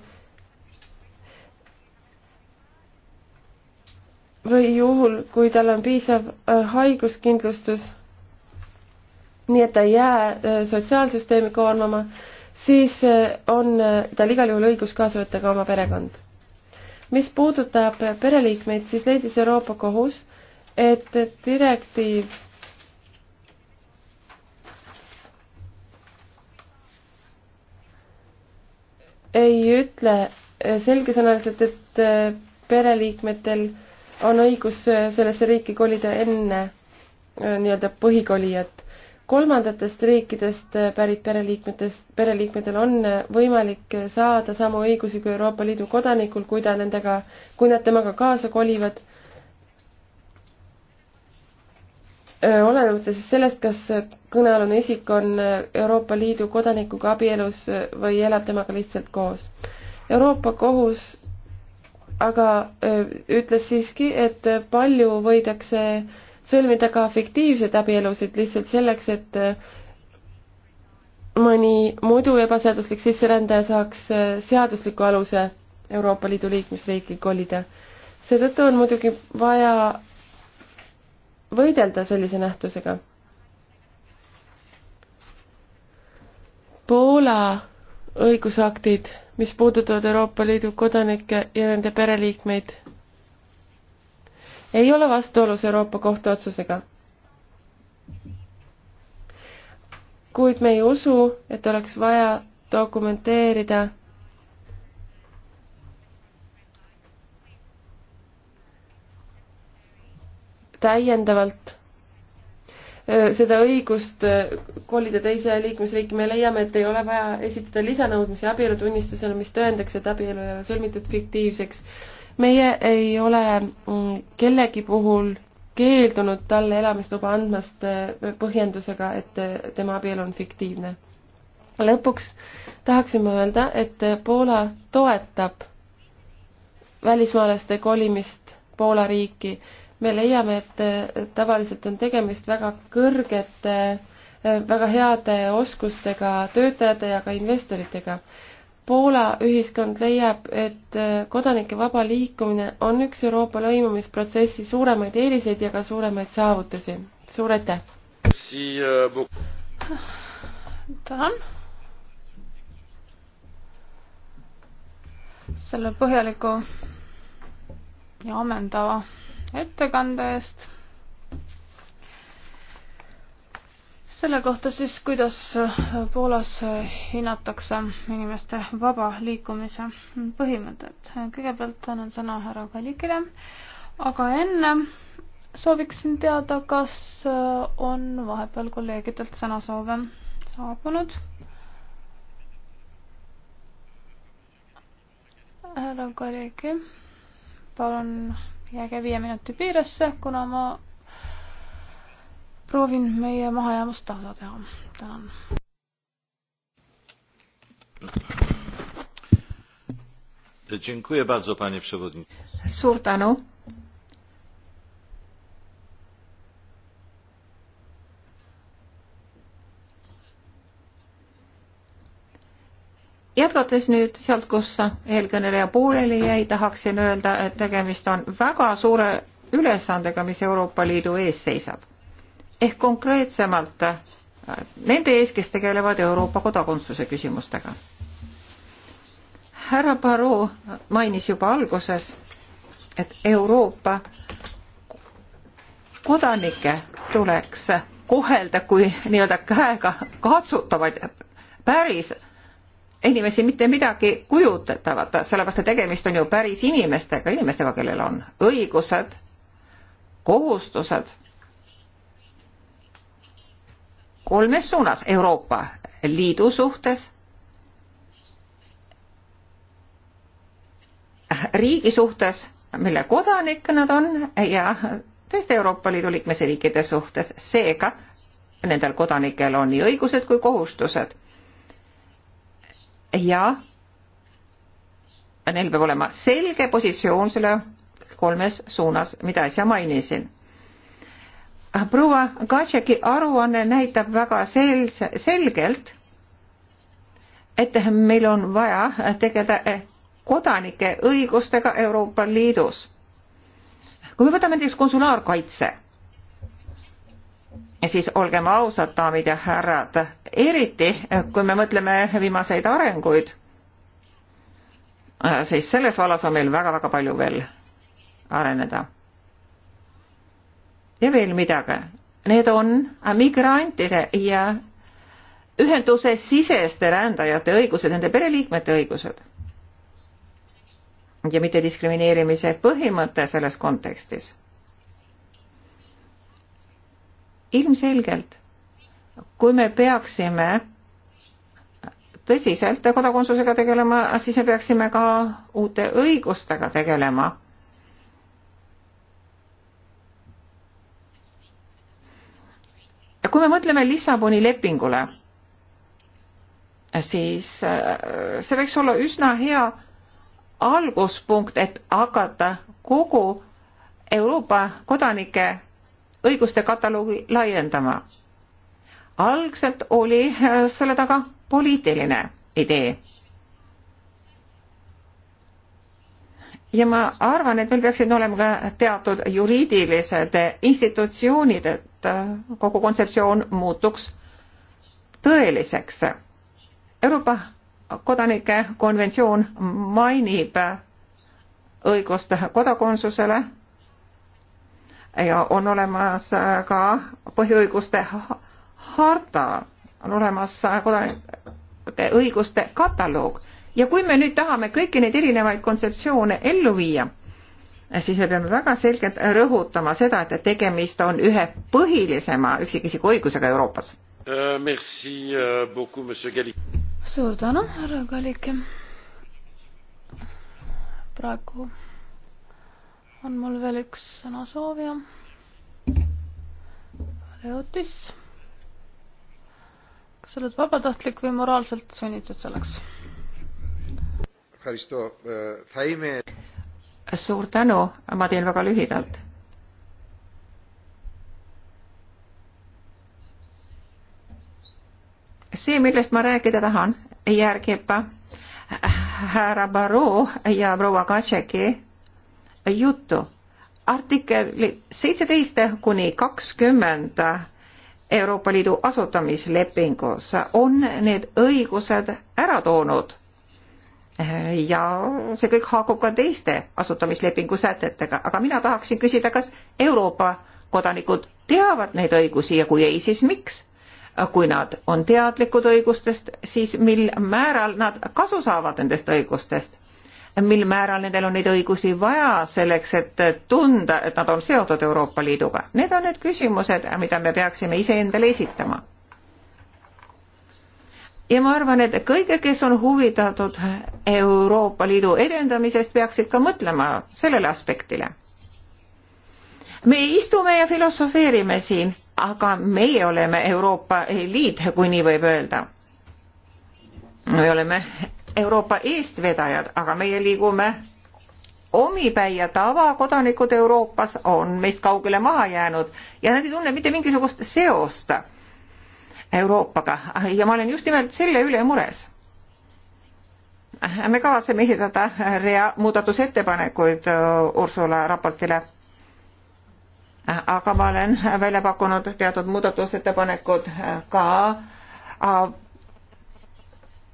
S4: või juhul, kui tal on piisav haiguskindlustus, nii et ta ei jää sotsiaalsüsteemi koormama siis eh, on eh, tal igal juhul õigus kaasa võtta ka oma perekond. mis puudutab pereliikmeid, siis leidis Euroopa Kohus, et direktiiv ei ütle eh, selgesõnaliselt, et pereliikmetel on õigus sellesse riiki kolida enne nii-öelda põhikolijat kolmandatest riikidest pärit pereliikmetest, pereliikmetel on võimalik saada samu õigusi kui Euroopa Liidu kodanikul, kui ta nendega, kui nad temaga kaasa kolivad. olenemata siis sellest, kas kõnealune isik on Euroopa Liidu kodanikuga abielus või elab temaga lihtsalt koos. Euroopa Kohus aga öö, ütles siiski, et palju võidakse öö, sõlmida ka fiktiivseid abielusid lihtsalt selleks, et äh, mõni muidu ebaseaduslik sisserändaja saaks äh, seadusliku aluse Euroopa Liidu liikmesriiki kolida. seetõttu on muidugi vaja võidelda sellise nähtusega. Poola õigusaktid, mis puudutavad Euroopa Liidu kodanikke ja nende pereliikmeid, ei ole vastuolus Euroopa Kohtu otsusega. kuid me ei usu, et oleks vaja dokumenteerida täiendavalt seda õigust kolida teise liikmesriiki, me leiame, et ei ole vaja esitada lisanõudmisi abielutunnistusele, mis tõendaks, et abielu ei ole sõlmitud fiktiivseks meie ei ole mm, kellegi puhul keeldunud talle elamisluba andmast äh, põhjendusega, et äh, tema abielu on fiktiivne. lõpuks tahaksin ma öelda, et äh, Poola toetab välismaalaste kolimist Poola riiki. me leiame, et tavaliselt on tegemist väga kõrgete, väga heade oskustega töötajate ja ka investoritega Poola ühiskond leiab, et äh, kodanike vaba liikumine on üks Euroopa lõimumisprotsessi suuremaid eeliseid ja ka suuremaid saavutusi. suur aitäh!
S1: Äh,
S2: tänan selle põhjaliku ja ammendava ettekande eest selle kohta siis, kuidas äh, Poolas äh, hinnatakse inimeste vaba liikumise põhimõtet. kõigepealt annan sõna härra Kalikile, aga enne sooviksin teada, kas äh, on vahepeal kolleegidelt sõnasoove saabunud? härra kolleeg, palun jääge viie minuti piiresse, kuna ma proovin meie mahajäämust tasa teha. tänan.
S3: suur tänu. jätkates nüüd sealt, kus eelkõneleja pooleli jäi, tahaksin öelda, et tegemist on väga suure ülesandega, mis Euroopa Liidu ees seisab ehk konkreetsemalt nende ees, kes tegelevad Euroopa kodakondsuse küsimustega. härra Barrot mainis juba alguses, et Euroopa kodanikke tuleks kohelda kui nii-öelda käega katsutavaid päris inimesi mitte midagi kujutatavat, sellepärast et tegemist on ju päris inimestega, inimestega, kellel on õigused, kohustused kolmes suunas Euroopa Liidu suhtes, riigi suhtes, mille kodanik nad on ja teiste Euroopa Liidu liikmesriikide suhtes, seega nendel kodanikel on nii õigused kui kohustused. ja neil peab olema selge positsioon selle kolmes suunas, mida äsja mainisin proua Kadžeki aruanne näitab väga sel-, selgelt, et meil on vaja tegeleda kodanike õigustega Euroopa Liidus. kui me võtame näiteks konsulaarkaitse, siis olgem ausad, daamid ja härrad, eriti kui me mõtleme viimaseid arenguid, siis selles vallas on meil väga-väga palju veel areneda ja veel midagi. Need on migrantide ja ühenduse siseste rändajate õigused, nende pereliikmete õigused. ja mitte diskrimineerimise põhimõte selles kontekstis. ilmselgelt, kui me peaksime tõsiselt kodakondsusega tegelema, siis me peaksime ka uute õigustega tegelema kui me mõtleme Lissaboni lepingule, siis äh, see võiks olla üsna hea alguspunkt, et hakata kogu Euroopa kodanike õiguste kataloogi laiendama. algselt oli äh, selle taga poliitiline idee ja ma arvan, et meil peaksid olema ka teatud juriidilised institutsioonid, et äh, kogu kontseptsioon muutuks tõeliseks. Euroopa kodanike konventsioon mainib õigust kodakondsusele ja on olemas ka põhiõiguste harta, on olemas kodanike õiguste kataloog ja kui me nüüd tahame kõiki neid erinevaid kontseptsioone ellu viia, siis me peame väga selgelt rõhutama seda, et tegemist on ühe põhilisema üksikisiku õigusega Euroopas
S1: uh,. Uh,
S3: suur tänu,
S2: härra Kallik. praegu on mul veel üks sõnasoovija. Leotis, kas sa oled vabatahtlik või moraalselt sunnitud selleks?
S3: suur tänu, ma teen väga lühidalt. see, millest ma rääkida tahan, järgib äh, härra Barrot ja proua Katšeki juttu. artikkel seitseteist kuni kakskümmend Euroopa Liidu asutamislepingus on need õigused ära toonud ja see kõik haakub ka teiste asutamislepingu sätetega, aga mina tahaksin küsida, kas Euroopa kodanikud teavad neid õigusi ja kui ei, siis miks? kui nad on teadlikud õigustest, siis mil määral nad kasu saavad nendest õigustest? mil määral nendel on neid õigusi vaja selleks, et tunda, et nad on seotud Euroopa Liiduga? Need on need küsimused, mida me peaksime iseendale esitama ja ma arvan, et kõige, kes on huvitatud Euroopa Liidu edendamisest, peaksid ka mõtlema sellele aspektile. me istume ja filosofeerime siin, aga meie oleme Euroopa Liit, kui nii võib öelda. me oleme Euroopa eestvedajad, aga meie liigume omipäi ja tavakodanikud Euroopas on meist kaugele maha jäänud ja nad ei tunne mitte mingisugust seost Euroopaga ja ma olen just nimelt selle üle mures. me kavatseme esitada rea-, muudatusettepanekuid äh, Ursula raportile. aga ma olen välja pakkunud teatud muudatusettepanekud äh, ka äh,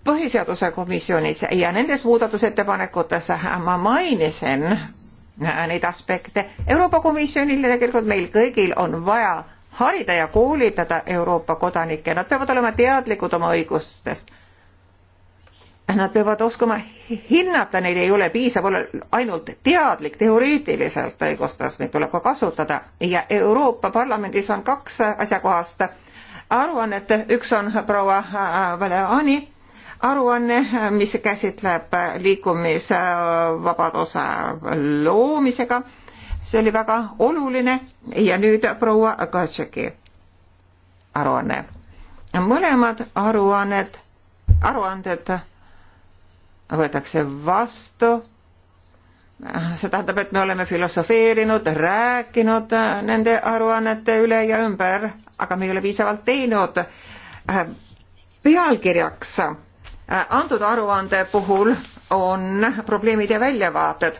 S3: põhiseaduse komisjonis ja nendes muudatusettepanekutes ma mainisin neid aspekte. Euroopa Komisjonil ja tegelikult meil kõigil on vaja harida ja koolitada Euroopa kodanikke, nad peavad olema teadlikud oma õigustest. Nad peavad oskama hinnata, neil ei ole piisav ole ainult teadlik teoreetiliselt õigustest, neid tuleb ka kasutada ja Euroopa Parlamendis on kaks asjakohast aruannet, üks on proua äh, Valeani aruanne, mis käsitleb liikumisvabaduse loomisega see oli väga oluline ja nüüd proua Gatšeki aruanne. mõlemad aruanned, aruanded võetakse vastu. see tähendab, et me oleme filosofeerinud, rääkinud nende aruannete üle ja ümber, aga me ei ole piisavalt teinud. pealkirjaks antud aruande puhul on probleemid ja väljavaated,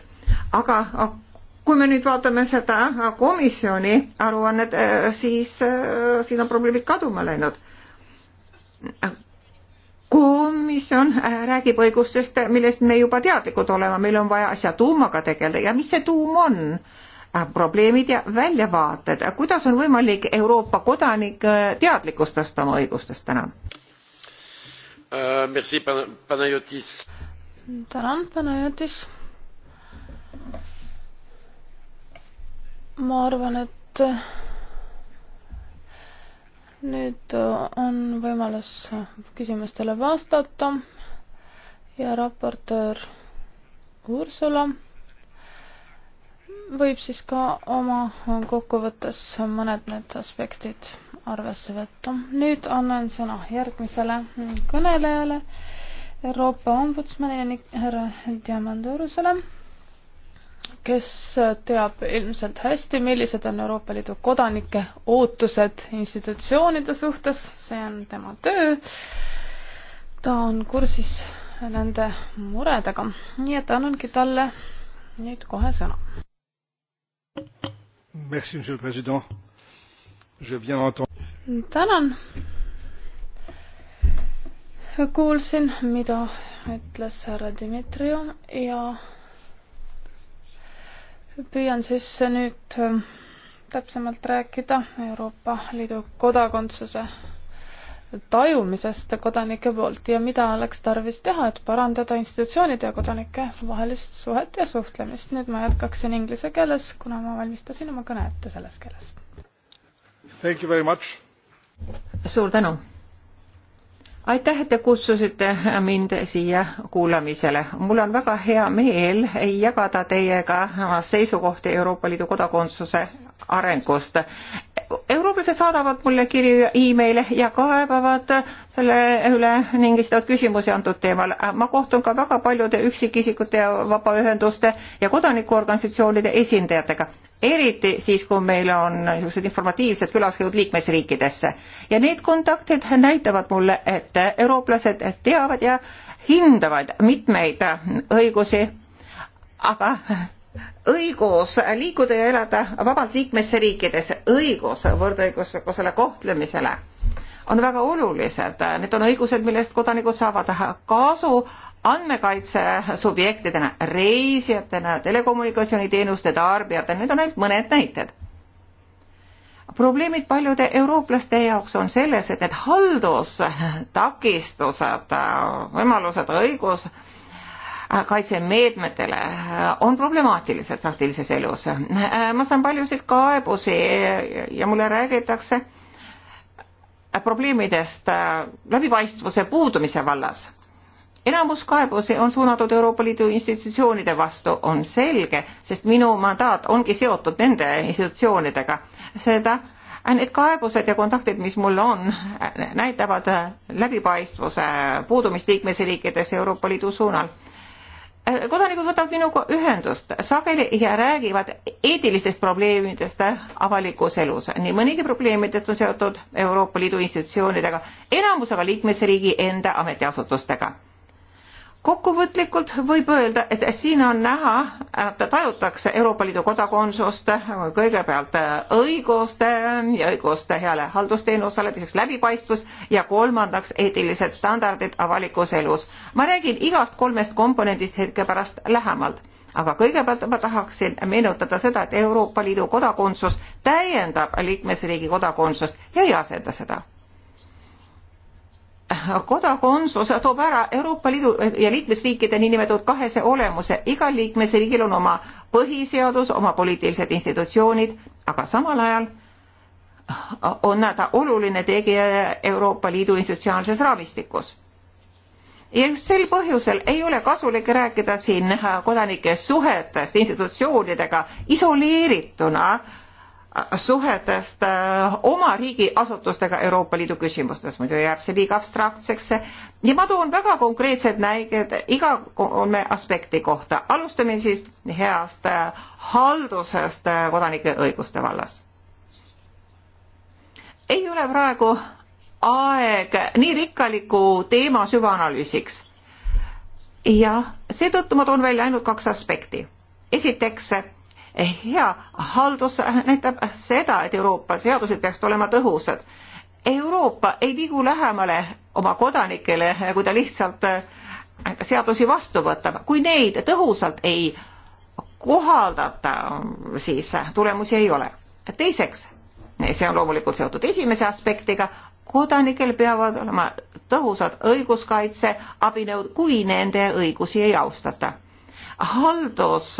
S3: aga kui me nüüd vaatame seda komisjoni aruannet, äh, siis äh, siin on probleemid kaduma läinud. komisjon äh, räägib õigustest, millest me juba teadlikud oleme, meil on vaja asja tuumaga tegeleda ja mis see tuum on? probleemid ja väljavaated, kuidas on võimalik Euroopa kodanik teadlikkust tõsta oma õigustest, tänan
S1: uh,. tänan,
S2: Panajotis ma arvan, et nüüd on võimalus küsimustele vastata ja raportöör Ursula võib siis ka oma kokkuvõttes mõned need aspektid arvesse võtta. nüüd annan sõna järgmisele kõnelejale, Euroopa ombudsmanile härra Diamandorusele kes teab ilmselt hästi, millised on Euroopa Liidu kodanike ootused institutsioonide suhtes, see on tema töö. ta on kursis nende muredega, nii et annangi talle nüüd kohe sõna. tänan. kuulsin, mida ütles härra Dmitrijev ja püüan siis nüüd ähm, täpsemalt rääkida Euroopa Liidu kodakondsuse tajumisest kodanike poolt ja mida oleks tarvis teha, et parandada institutsioonide ja kodanike vahelist suhet ja suhtlemist. nüüd ma jätkaksin inglise keeles, kuna ma valmistasin oma kõne ette selles keeles.
S3: suur tänu aitäh, et te kutsusite mind siia kuulamisele. mul on väga hea meel jagada teiega seisukohti Euroopa Liidu kodakondsuse arengust eurooplased saadavad mulle kirju ja emaile ja kaebavad selle üle ning esitavad küsimusi antud teemal. ma kohtun ka väga paljude üksikisikute ja vabaühenduste ja kodanikuorganisatsioonide esindajatega, eriti siis, kui meil on niisugused informatiivsed külaskäigud liikmesriikidesse ja need kontaktid näitavad mulle, et eurooplased teavad ja hindavad mitmeid õigusi, aga õigus liikuda ja elada vabalt liikmesriikides, õigus võrdõiguslikkusele kohtlemisele on väga olulised. Need on õigused, millest kodanikud saavad kasu andmekaitse subjektidena, reisijatena, telekommunikatsiooniteenuste tarbijatena, need on ainult mõned näited. probleemid paljude eurooplaste jaoks on selles, et need haldustakistused, võimalused, õigus kaitsemeetmetele äh, on problemaatilised praktilises elus. Äh, ma saan paljusid kaebusi ja mulle räägitakse äh, probleemidest läbipaistvuse puudumise vallas. enamus kaebusi on suunatud Euroopa Liidu institutsioonide vastu, on selge, sest minu mandaat ongi seotud nende institutsioonidega. seda need kaebused ja kontaktid, mis mul on, näitavad läbipaistvuse puudumist liikmesriikides Euroopa Liidu suunal Äh, kodanikud võtavad minuga ühendust sageli ja räägivad eetilistest probleemidest avalikus elus. nii mõnigi probleemidest on seotud Euroopa Liidu institutsioonidega, enamus aga liikmesriigi enda ametiasutustega kokkuvõtlikult võib öelda, et siin on näha, et tajutakse Euroopa Liidu kodakondsust kõigepealt õiguste ja õiguste heale haldusteenusele, teiseks läbipaistvus ja kolmandaks eetilised standardid avalikus elus. ma räägin igast kolmest komponendist hetke pärast lähemalt, aga kõigepealt ma tahaksin meenutada seda, et Euroopa Liidu kodakondsus täiendab liikmesriigi kodakondsust ja ei asenda seda kodakondsuse toob ära Euroopa Liidu ja liikmesriikide niinimetatud kahese olemuse. igal liikmesriigil on oma põhiseadus, oma poliitilised institutsioonid, aga samal ajal on nad oluline tegija Euroopa Liidu institutsionaalses raamistikus. ja just sel põhjusel ei ole kasulik rääkida siin kodanike suhetest institutsioonidega isoleerituna äh, Äh, suhetest äh, oma riigi asutustega Euroopa Liidu küsimustes, muidu jääb see liiga abstraktseks. ja ma toon väga konkreetsed näited iga aspekti kohta. alustame siis heast äh, haldusest kodanike õiguste vallas. ei ole praegu aeg nii rikkaliku teema süvaanalüüsiks. ja seetõttu ma toon välja ainult kaks aspekti. esiteks hea haldus näitab seda, et Euroopa seadused peaksid olema tõhusad. Euroopa ei liigu lähemale oma kodanikele, kui ta lihtsalt äh, seadusi vastu võtab, kui neid tõhusalt ei kohaldata, siis tulemusi ei ole. teiseks, see on loomulikult seotud esimese aspektiga, kodanikel peavad olema tõhusad õiguskaitseabinõud, kui nende õigusi ei austata. haldus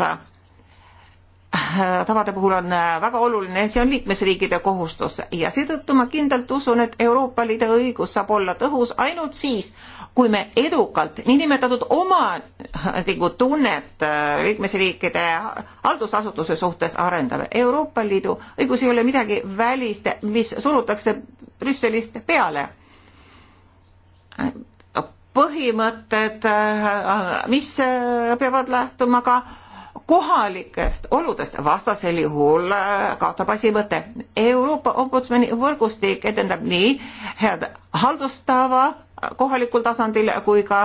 S3: Äh, tavade puhul on äh, väga oluline, see on liikmesriikide kohustus ja seetõttu ma kindlalt usun, et Euroopa Liidu õigus saab olla tõhus ainult siis, kui me edukalt niinimetatud oma nagu tunnet äh, liikmesriikide haldusasutuse suhtes arendame. Euroopa Liidu õigus ei ole midagi välist, mis surutakse Brüsselist peale põhimõtted, mis peavad lähtuma ka kohalikest oludest, vastasel juhul äh, kaotab asi mõte. Euroopa ombudsmani võrgustik edendab nii head haldustava äh, kohalikul tasandil kui ka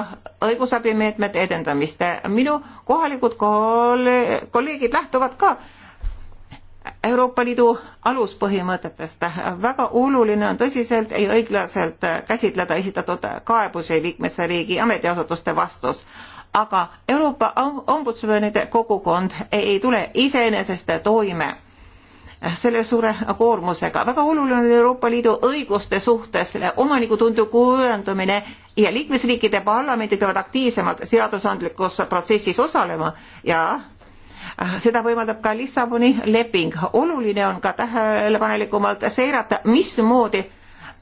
S3: õigusabimeetmete edendamist. minu kohalikud kolleegid lähtuvad ka Euroopa Liidu aluspõhimõtetest. väga oluline on tõsiselt ja õiglaselt käsitleda esitatud kaebusi liikmesriigi ametiasutuste vastus aga Euroopa ombudsmanide kogukond ei tule iseenesest toime selle suure koormusega. väga oluline on Euroopa Liidu õiguste suhtes omanikutunde kujundamine ja liikmesriikide parlamendid peavad aktiivsemalt seadusandlikus protsessis osalema ja seda võimaldab ka Lissaboni leping. oluline on ka tähelepanelikumalt seirata, mismoodi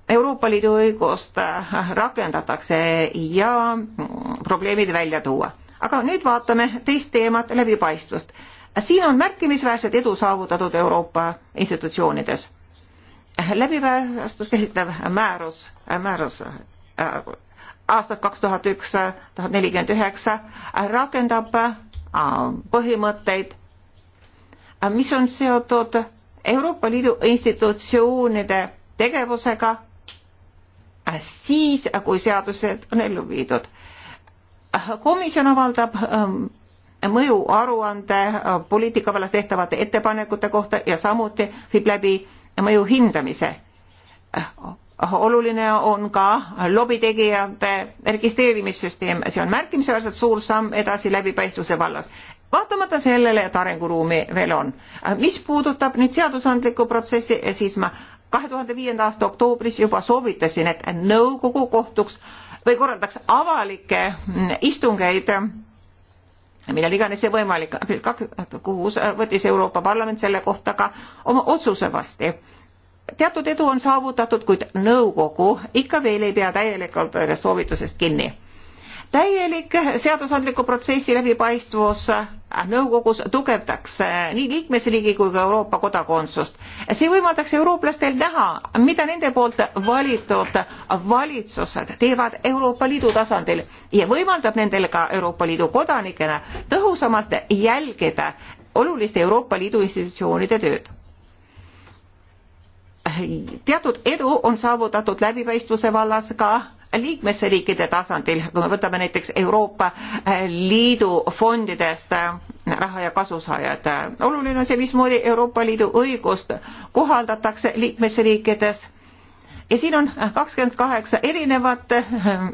S3: Euroopa Liidu õigust äh, rakendatakse ja probleemid välja tuua. aga nüüd vaatame teist teemat, läbipaistvust. siin on märkimisväärset edu saavutatud Euroopa institutsioonides. läbipaistvust käsitlev määrus, äh, määrus äh, aastast kaks tuhat üks, tuhat nelikümmend üheksa rakendab põhimõtteid, mis on seotud Euroopa Liidu institutsioonide tegevusega Äh, siis, kui seadused on ellu viidud. komisjon avaldab ähm, mõjuaruande äh, poliitika vallas tehtavate ettepanekute kohta ja samuti viib läbi mõju hindamise. Äh, oluline on ka lobitegijate registreerimissüsteem, see on märkimisväärselt suur samm edasi läbipaistvuse vallas vaatamata sellele, et arenguruumi veel on. mis puudutab nüüd seadusandlikku protsessi, siis ma kahe tuhande viienda aasta oktoobris juba soovitasin, et nõukogu kohtuks või korraldaks avalikke istungeid millal iganes see võimalik, aprill kaks tuhat kuus võttis Euroopa Parlament selle kohta ka oma otsuse vastu. teatud edu on saavutatud, kuid nõukogu ikka veel ei pea täielikult soovitusest kinni täielik seadusandliku protsessi läbipaistvus nõukogus tugevdaks nii liikmesriigi kui ka Euroopa kodakondsust. see võimaldaks eurooplastel näha, mida nende poolt valitud valitsused teevad Euroopa Liidu tasandil ja võimaldab nendel ka Euroopa Liidu kodanikena tõhusamalt jälgida oluliste Euroopa Liidu institutsioonide tööd teatud edu on saavutatud läbipaistvuse vallas ka liikmesriikide tasandil, kui me võtame näiteks Euroopa Liidu fondidest raha ja kasusaajad. oluline on see, mismoodi Euroopa Liidu õigust kohaldatakse liikmesriikides ja siin on kakskümmend kaheksa erinevat äh,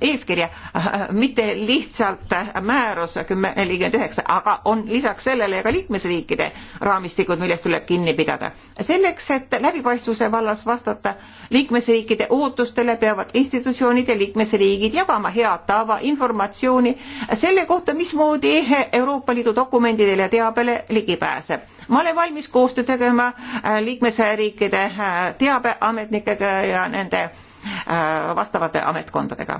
S3: eeskirja, äh, mitte lihtsalt äh, määrus kümme nelikümmend üheksa, aga on lisaks sellele ka liikmesriikide raamistikud, millest tuleb kinni pidada. selleks, et läbipaistvuse vallas vastata liikmesriikide ootustele, peavad institutsioonid ja liikmesriigid jagama head tava, informatsiooni selle kohta, mismoodi Euroopa Liidu dokumendidele ja teabele ligi pääseb. ma olen valmis koostööd tegema liikmesriikide teabeametnikega ja nende nende äh, vastavate ametkondadega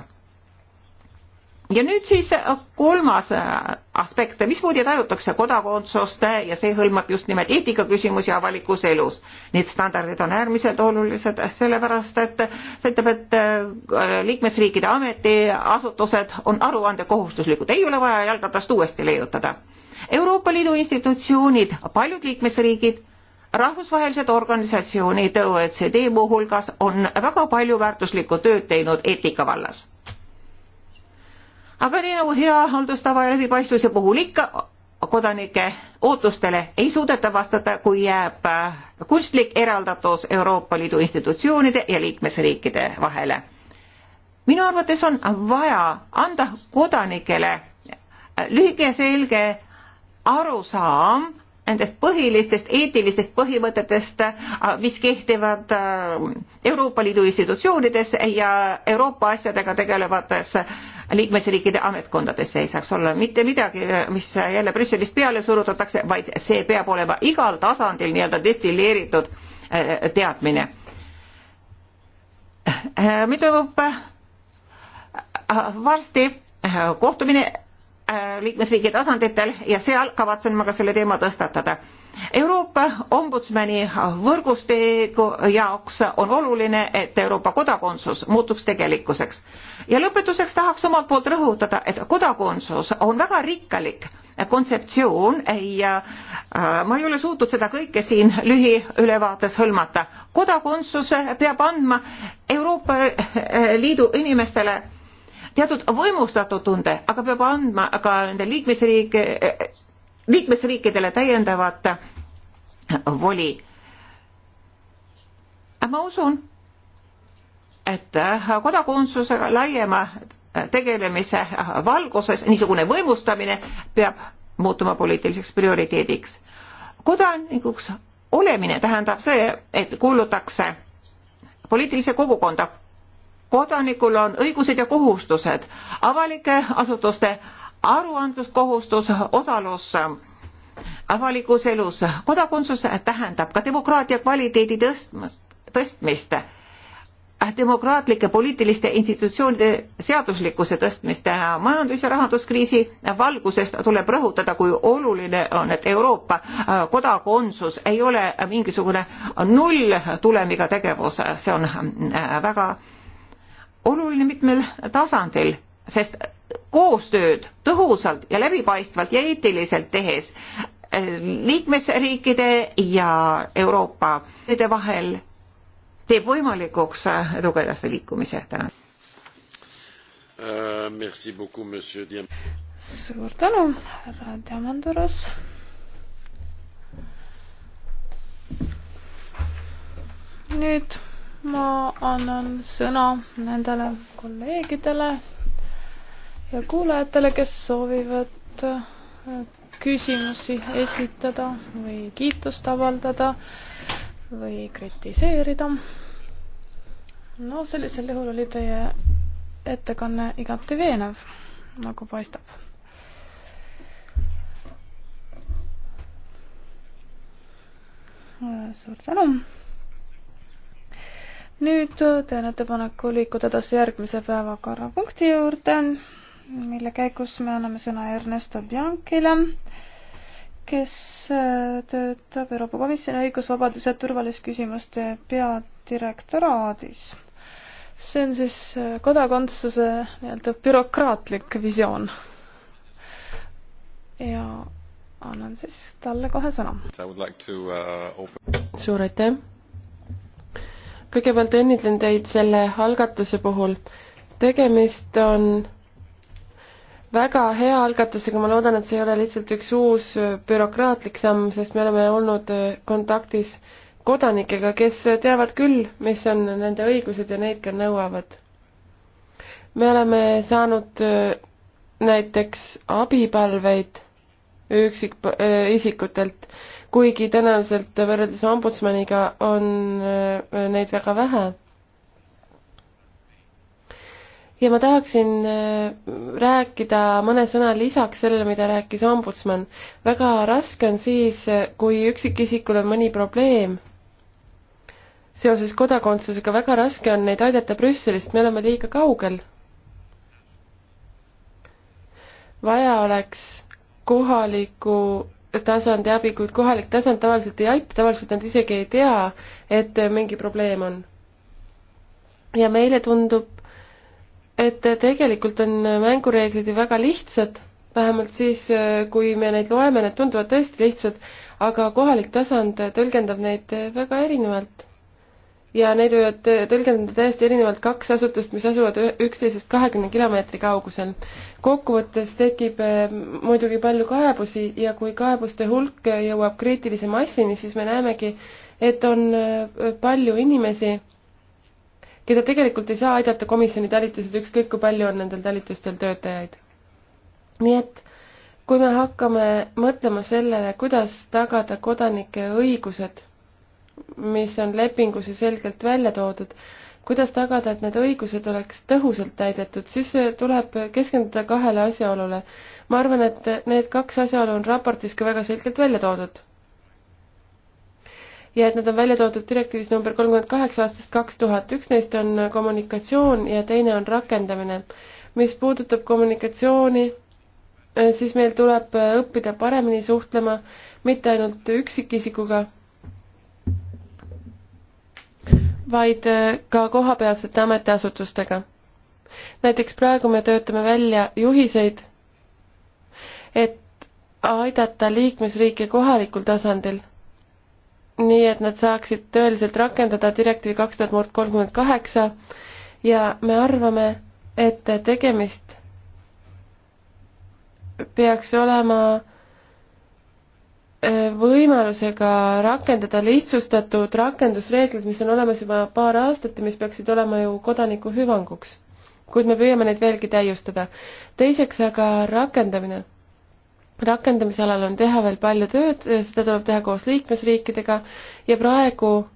S3: ja nüüd siis äh, kolmas äh, aspekt, mismoodi tajutakse kodakondsust ja see hõlmab just nimelt eetikaküsimusi avalikus elus. Need standardid on äärmiselt olulised, sellepärast et see ütleb, et liikmesriikide ametiasutused on aruandekohustuslikud, ei ole vaja jalgratast uuesti leiutada. Euroopa Liidu institutsioonid, paljud liikmesriigid rahvusvahelised organisatsioonid OECD muuhulgas on väga palju väärtuslikku tööd teinud eetika vallas. aga nii nagu hea haldustava ja läbipaistvuse puhul ikka, kodanike ootustele ei suudeta vastata, kui jääb äh, kunstlik eraldatus Euroopa Liidu institutsioonide ja liikmesriikide vahele. minu arvates on vaja anda kodanikele lühike ja selge arusaam nendest põhilistest eetilistest põhimõtetest, äh, mis kehtivad äh, Euroopa Liidu institutsioonides ja Euroopa asjadega tegelevates liikmesriikide ametkondades. see ei saaks olla mitte midagi, äh, mis jälle Brüsselist peale surutatakse, vaid see peab olema igal tasandil nii-öelda destilleeritud teadmine. meil toimub varsti kohtumine Äh, liikmesriigi tasanditel ja seal kavatsen ma ka selle teema tõstatada. Euroopa ombudsmani võrgustiku jaoks on oluline, et Euroopa kodakondsus muutuks tegelikkuseks. ja lõpetuseks tahaks omalt poolt rõhutada, et kodakondsus on väga rikkalik kontseptsioon ja äh, ma ei ole suutnud seda kõike siin lühiülevaates hõlmata. kodakondsuse peab andma Euroopa äh, Liidu inimestele teatud võimustatud tunde, aga peab andma ka nende liikmesriike, liikmesriikidele täiendavat voli. ma usun, et kodakondsusega laiema tegelemise valguses niisugune võimustamine peab muutuma poliitiliseks prioriteediks. kodanikuks olemine tähendab see, et kuulutakse poliitilise kogukonda, kodanikul on õigused ja kohustused, avalike asutuste aruandluskohustus, osalus avalikus elus. kodakondsus tähendab ka demokraatia kvaliteedi tõstmast, tõstmist, demokraatlike poliitiliste institutsioonide seaduslikkuse tõstmist. majandus- ja rahanduskriisi valguses tuleb rõhutada, kui oluline on, et Euroopa kodakondsus ei ole mingisugune nulltulemiga tegevus, see on väga oluline mitmel tasandil, sest koostööd tõhusalt ja läbipaistvalt ja eetiliselt tehes eh, liikmesriikide ja Euroopa vahel teeb võimalikuks eduka eh, edasiliikumise. tänan
S1: uh,.
S2: suur tänu, härra Diamandoros. nüüd ma annan sõna nendele kolleegidele ja kuulajatele, kes soovivad äh, küsimusi esitada või kiitust avaldada või kritiseerida. no sellisel juhul oli teie ettekanne igati veenev, nagu paistab. Äh, suur tänu nüüd teen ettepaneku liikuda edasi järgmise päevakorrapunkti juurde, mille käigus me anname sõna Ernesto Bianchile, kes äh, töötab Euroopa Komisjoni õigusvabaduse turvalisusküsimuste peadirektoraadis. see on siis äh, kodakondsuse nii-öelda bürokraatlik visioon.
S4: ja annan siis talle kohe sõna.
S1: Like uh, open... suur
S4: aitäh kõigepealt õnnitlen teid selle algatuse puhul. tegemist on väga hea algatusega, ma loodan, et see ei ole lihtsalt üks uus bürokraatlik samm, sest me oleme olnud kontaktis kodanikega, kes teavad küll, mis on nende õigused ja neid ka nõuavad. me oleme saanud näiteks abipalveid üksik- äh,, isikutelt kuigi tõenäoliselt võrreldes ombudsmaniga on äh, neid väga vähe. ja ma tahaksin äh, rääkida mõne sõna lisaks sellele, mida rääkis ombudsman. väga raske on siis, äh, kui üksikisikul on mõni probleem seoses kodakondsusega, väga raske on neid aidata Brüsselist, me oleme liiga kaugel. vaja oleks kohaliku tasand ja abi, kuid kohalik tasand tavaliselt ei aita, tavaliselt nad isegi ei tea, et mingi probleem on. ja meile tundub, et tegelikult on mängureeglid ju väga lihtsad, vähemalt siis, kui me neid loeme, need tunduvad tõesti lihtsad, aga kohalik tasand tõlgendab neid väga erinevalt ja neid võivad tõlgendada täiesti erinevalt kaks asutust, mis asuvad üksteisest kahekümne kilomeetri kaugusel. kokkuvõttes tekib eh, muidugi palju kaebusi ja kui kaebuste hulk jõuab kriitilise massini, siis me näemegi, et on eh, palju inimesi, keda tegelikult ei saa aidata komisjoni talitused, ükskõik kui palju on nendel talitustel töötajaid. nii et kui me hakkame mõtlema sellele, kuidas tagada kodanike õigused mis on lepingus ju selgelt välja toodud. kuidas tagada, et need õigused oleks tõhusalt täidetud, siis tuleb keskenduda kahele asjaolule. ma arvan, et need kaks asjaolu on raportis ka väga selgelt välja toodud. ja et nad on välja toodud direktiivis number kolmkümmend kaheksa aastast kaks tuhat, üks neist on kommunikatsioon ja teine on rakendamine. mis puudutab kommunikatsiooni, siis meil tuleb õppida paremini suhtlema, mitte ainult üksikisikuga vaid äh, ka kohapealsete ametiasutustega. näiteks praegu me töötame välja juhiseid, et aidata liikmesriike kohalikul tasandil, nii et nad saaksid tõeliselt rakendada direktiivi kaks tuhat murd kolmkümmend kaheksa ja me arvame, et tegemist peaks olema võimalusega rakendada lihtsustatud rakendusreeglid, mis on olemas juba paar aastat ja mis peaksid olema ju kodaniku hüvanguks. kuid me püüame neid veelgi täiustada. teiseks aga rakendamine. rakendamise alal on teha veel palju tööd, seda tuleb teha koos liikmesriikidega ja praegu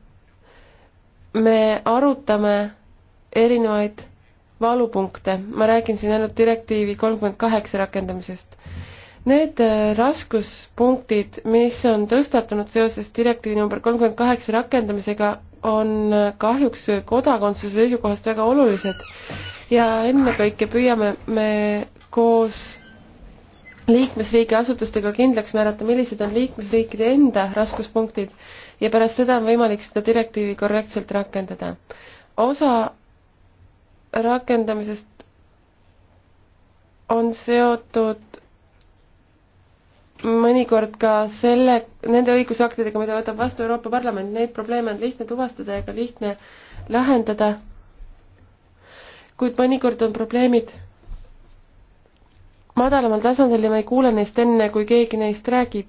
S4: me arutame erinevaid valupunkte, ma räägin siin ainult direktiivi kolmkümmend kaheksa rakendamisest Need äh, raskuspunktid, mis on tõstatunud seoses direktiivi number kolmkümmend kaheksa rakendamisega, on äh, kahjuks kodakondsuse seisukohast väga olulised ja ennekõike püüame me koos liikmesriigi asutustega kindlaks määrata, millised on liikmesriikide enda raskuspunktid ja pärast seda on võimalik seda direktiivi korrektselt rakendada. osa rakendamisest on seotud mõnikord ka selle, nende õigusaktidega, mida võtab vastu Euroopa Parlament, neid probleeme on lihtne tuvastada ja ka lihtne lahendada. kuid mõnikord on probleemid madalamal tasandil ja ma ei kuule neist enne, kui keegi neist räägib.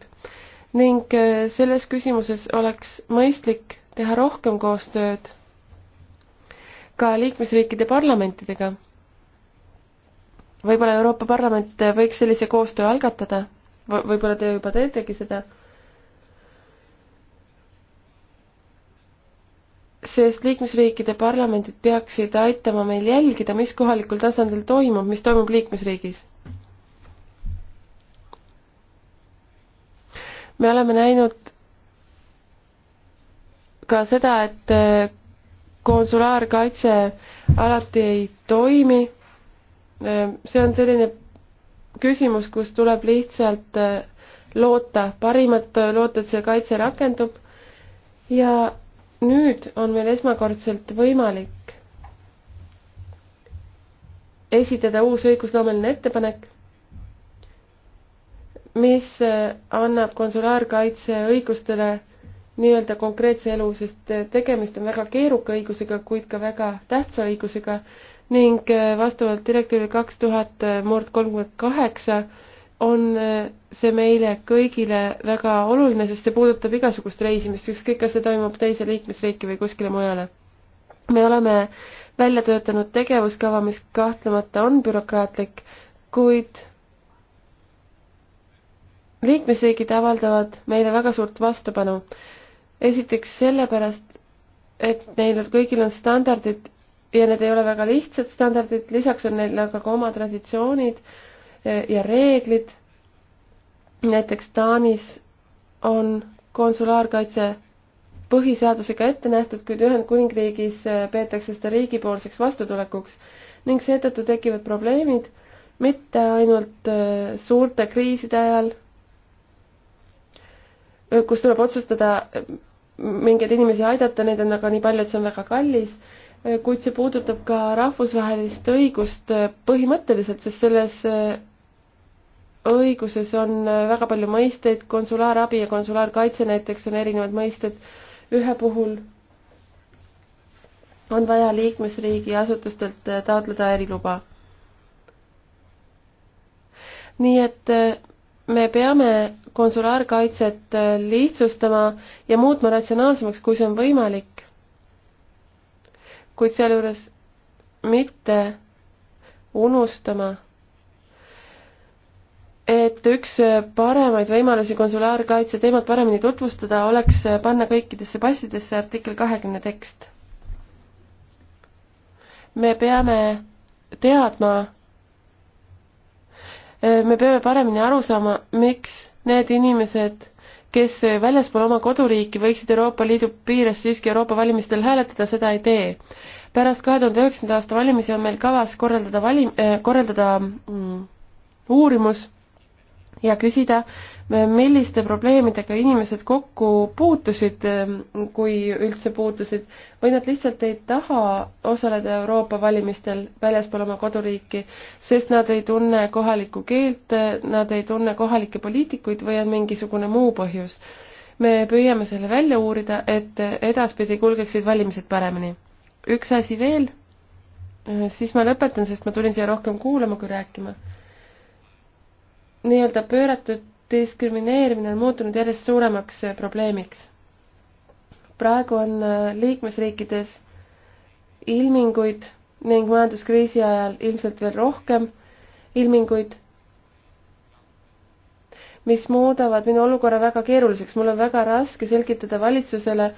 S4: ning äh, selles küsimuses oleks mõistlik teha rohkem koostööd ka liikmesriikide parlamentidega. võib-olla Euroopa Parlament võiks sellise koostöö algatada võib-olla te juba teetegi seda. sest liikmesriikide parlamendid peaksid aitama meil jälgida, mis kohalikul tasandil toimub, mis toimub liikmesriigis. me oleme näinud ka seda, et eh, konsulaarkaitse alati ei toimi. Eh, see on selline küsimus, kus tuleb lihtsalt äh, loota parimat, äh, loota, et see kaitse rakendub ja nüüd on meil esmakordselt võimalik esitada uus õigusloomeline ettepanek, mis äh, annab konsulaarkaitse õigustele nii-öelda konkreetse elu, sest tegemist on väga keeruka õigusega, kuid ka väga tähtsa õigusega ning äh, vastavalt direktiivile kaks tuhat äh, murd kolmkümmend kaheksa on äh, see meile kõigile väga oluline, sest see puudutab igasugust reisimist, ükskõik kas see toimub teise liikmesriiki või kuskile mujale. me oleme välja töötanud tegevuskava, mis kahtlemata on bürokraatlik, kuid liikmesriigid avaldavad meile väga suurt vastupanu. esiteks sellepärast, et neil kõigil on standardid ja need ei ole väga lihtsad standardid, lisaks on neil aga ka oma traditsioonid ja reeglid. näiteks Taanis on konsulaarkaitse põhiseadusega ette nähtud, kuid Ühendkuningriigis peetakse seda riigipoolseks vastutulekuks ning seetõttu tekivad probleemid mitte ainult äh, suurte kriiside ajal, kus tuleb otsustada äh, mingeid inimesi aidata, neid on aga nii palju, et see on väga kallis Äh, kuid see puudutab ka rahvusvahelist õigust äh, põhimõtteliselt, sest selles äh, õiguses on väga palju mõisteid, konsulaarabi ja konsulaarkaitse näiteks on erinevad mõisted. ühe puhul on vaja liikmesriigi asutustelt taotleda eriluba. nii et me peame konsulaarkaitset lihtsustama ja muutma ratsionaalsemaks, kui see on võimalik, kuid sealjuures mitte unustama, et üks paremaid võimalusi konsulaarkaitse teemat paremini tutvustada oleks panna kõikidesse passidesse artikkel kahekümne tekst. me peame teadma, me peame paremini aru saama, miks need inimesed kes väljaspool oma koduriiki võiksid Euroopa Liidu piires siiski Euroopa valimistel hääletada, seda ei tee. pärast kahe tuhande üheksanda aasta valimisi on meil kavas korraldada vali- äh,, korraldada mm, uurimus ja küsida, milliste probleemidega inimesed kokku puutusid, ähm, kui üldse puutusid, või nad lihtsalt ei taha osaleda Euroopa valimistel väljaspool oma koduriiki, sest nad ei tunne kohalikku keelt, nad ei tunne kohalikke poliitikuid või on mingisugune muu põhjus. me püüame selle välja uurida, et edaspidi kulgeksid valimised paremini. üks asi veel äh, siis ma lõpetan, sest ma tulin siia rohkem kuulama kui rääkima. nii-öelda pööratud diskrimineerimine on muutunud järjest suuremaks eh, probleemiks. praegu on eh, liikmesriikides ilminguid ning majanduskriisi ajal ilmselt veel rohkem ilminguid, mis muudavad minu olukorra väga keeruliseks, mul on väga raske selgitada valitsusele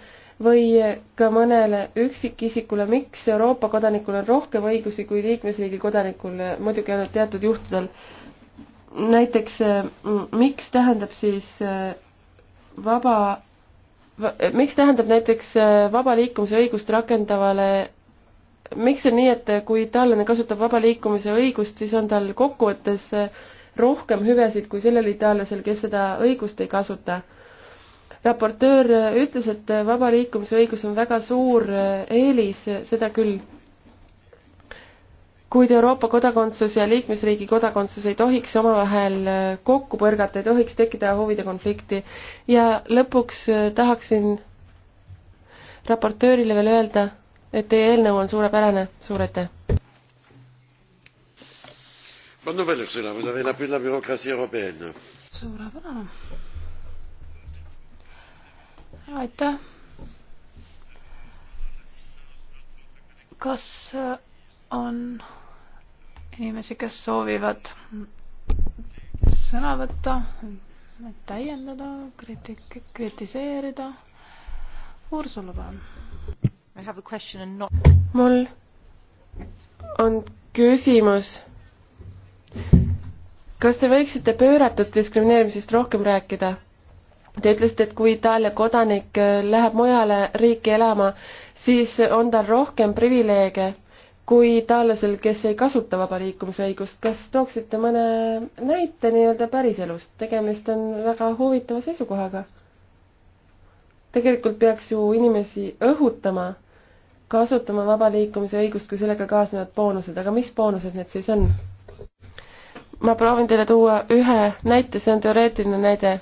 S4: või eh, ka mõnele üksikisikule, miks Euroopa kodanikul on rohkem õigusi kui liikmesriigi kodanikul, muidugi ainult teatud juhtudel näiteks äh, miks tähendab siis äh, vaba, äh, miks tähendab näiteks vaba liikumise õigust rakendavale, miks on nii, et kui taanlane kasutab vaba liikumise õigust, siis on tal kokkuvõttes rohkem hüvesid kui sellel itaallasel, kes seda õigust ei kasuta. raportöör ütles, et vaba liikumise õigus on väga suur eelis, seda küll kuid Euroopa kodakondsus ja liikmesriigi kodakondsus ei tohiks omavahel äh, kokku põrgata, ei tohiks tekkida huvide konflikti. ja lõpuks äh, tahaksin raportöörile veel öelda, et teie eelnõu on suurepärane, suur aitäh!
S1: Bonne nouvelle, Ursula, vous avez l'appui de la bureaucratie européenne.
S2: Suurepärane. aitäh. kas äh, on inimesi, kes soovivad sõna võtta, täiendada, kritik-, kritiseerida.
S3: Ursula, palun.
S4: mul on küsimus. kas te võiksite pööratud diskrimineerimisest rohkem rääkida? Te ütlesite, et kui Itaalia kodanik läheb mujale riiki elama, siis on tal rohkem privileege kui taallasel, kes ei kasuta vaba liikumisõigust, kas tooksite mõne näite nii-öelda päriselust? tegemist on väga huvitava seisukohaga. tegelikult peaks ju inimesi õhutama kasutama vaba liikumise õigust, kui sellega kaasnevad boonused, aga mis boonused need siis on? ma proovin teile tuua ühe näite, see on teoreetiline näide.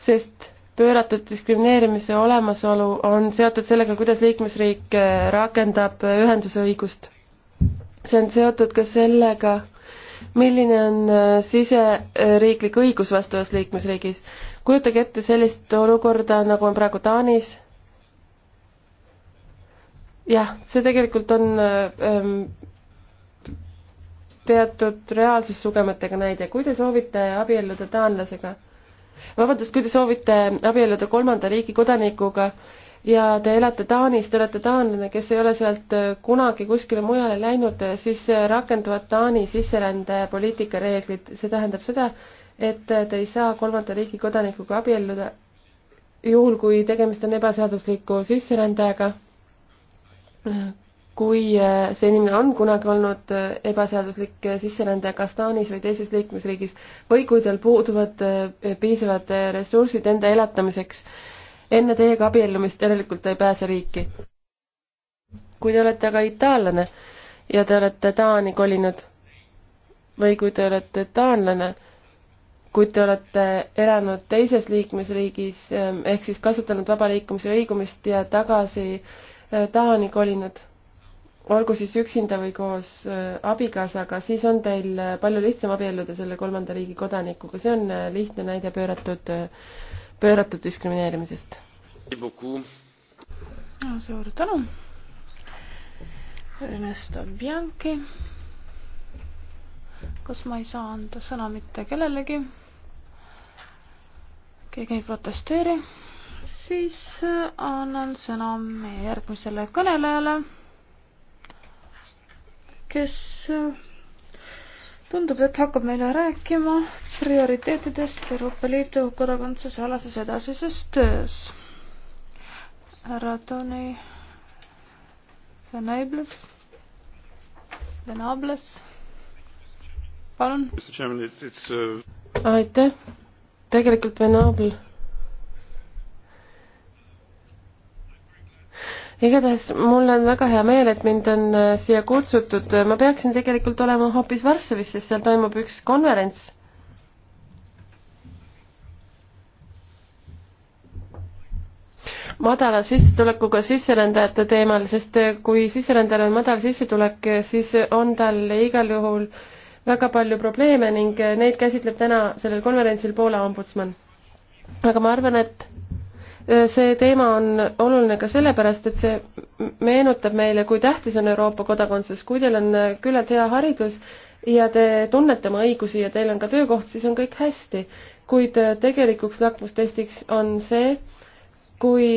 S4: sest pööratud diskrimineerimise olemasolu on seotud sellega, kuidas liikmesriik eh, rakendab eh, ühendusõigust. see on seotud ka sellega, milline on eh, siseriiklik õigus vastavas liikmesriigis. kujutage ette sellist olukorda, nagu on praegu Taanis. jah, see tegelikult on ähm, teatud reaalsussugemetega näide, kui te soovite abielluda taanlasega vabandust, kui te soovite abielluda kolmanda riigi kodanikuga ja te elate Taanis, te olete taanlane, kes ei ole sealt äh, kunagi kuskile mujale läinud, äh, siis äh, rakenduvad Taani sisserändepoliitika reeglid, see tähendab seda, et te ei saa kolmanda riigi kodanikuga abielluda, juhul kui tegemist on ebaseadusliku sisserändajaga, kui eh, see inimene on kunagi olnud eh, ebaseaduslik eh, sisserändaja kas Taanis või teises liikmesriigis või kui tal puuduvad piisavad ressursid enda elatamiseks enne teiega abiellumist, järelikult ta ei pääse riiki. kui te olete aga itaallane ja te olete Taani kolinud või kui te olete taanlane, kuid te olete elanud teises liikmesriigis ehk siis kasutanud vaba liikumise õigumist ja tagasi Taani kolinud olgu siis üksinda või koos äh, abikaasaga, siis on teil äh, palju lihtsam abielluda selle kolmanda riigi kodanikuga, see on äh, lihtne näide pööratud, pööratud diskrimineerimisest.
S1: no
S2: suur tänu. Ernesto Bianchi. kas ma ei saa anda sõna mitte kellelegi? keegi ei protesteeri? siis annan sõna meie järgmisele kõnelejale kes äh, tundub, et hakkab meile rääkima prioriteetidest Euroopa Liidu kodakondsuse alases edasises töös. härra Tony Venables, Venables, palun.
S1: Uh,
S4: aitäh, tegelikult Venable igatahes mul on väga hea meel, et mind on äh, siia kutsutud, ma peaksin tegelikult olema hoopis Varssavis, sest seal toimub üks konverents. madala sissetulekuga sisserändajate teemal, sest äh, kui sisserändajal on madal sissetulek, äh, siis on tal igal juhul väga palju probleeme ning neid käsitleb täna sellel konverentsil Poola ombudsman. aga ma arvan, et Äh, see teema on oluline ka sellepärast, et see meenutab meile, kui tähtis on Euroopa kodakondsus, kui teil on äh, küllalt hea haridus ja te tunnete oma õigusi ja teil on ka töökoht, siis on kõik hästi. kuid äh, tegelikuks lakmustestiks on see, kui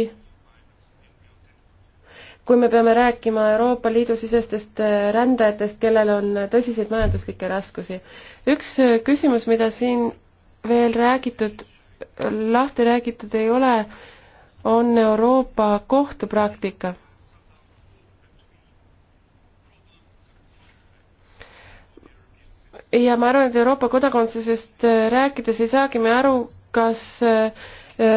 S4: kui me peame rääkima Euroopa Liidu sisestest rändajatest, kellel on tõsiseid majanduslikke raskusi. üks küsimus, mida siin veel räägitud, lahti räägitud ei ole, on Euroopa kohtupraktika. ja ma arvan, et Euroopa kodakondsusest rääkides ei saagi me aru, kas eh,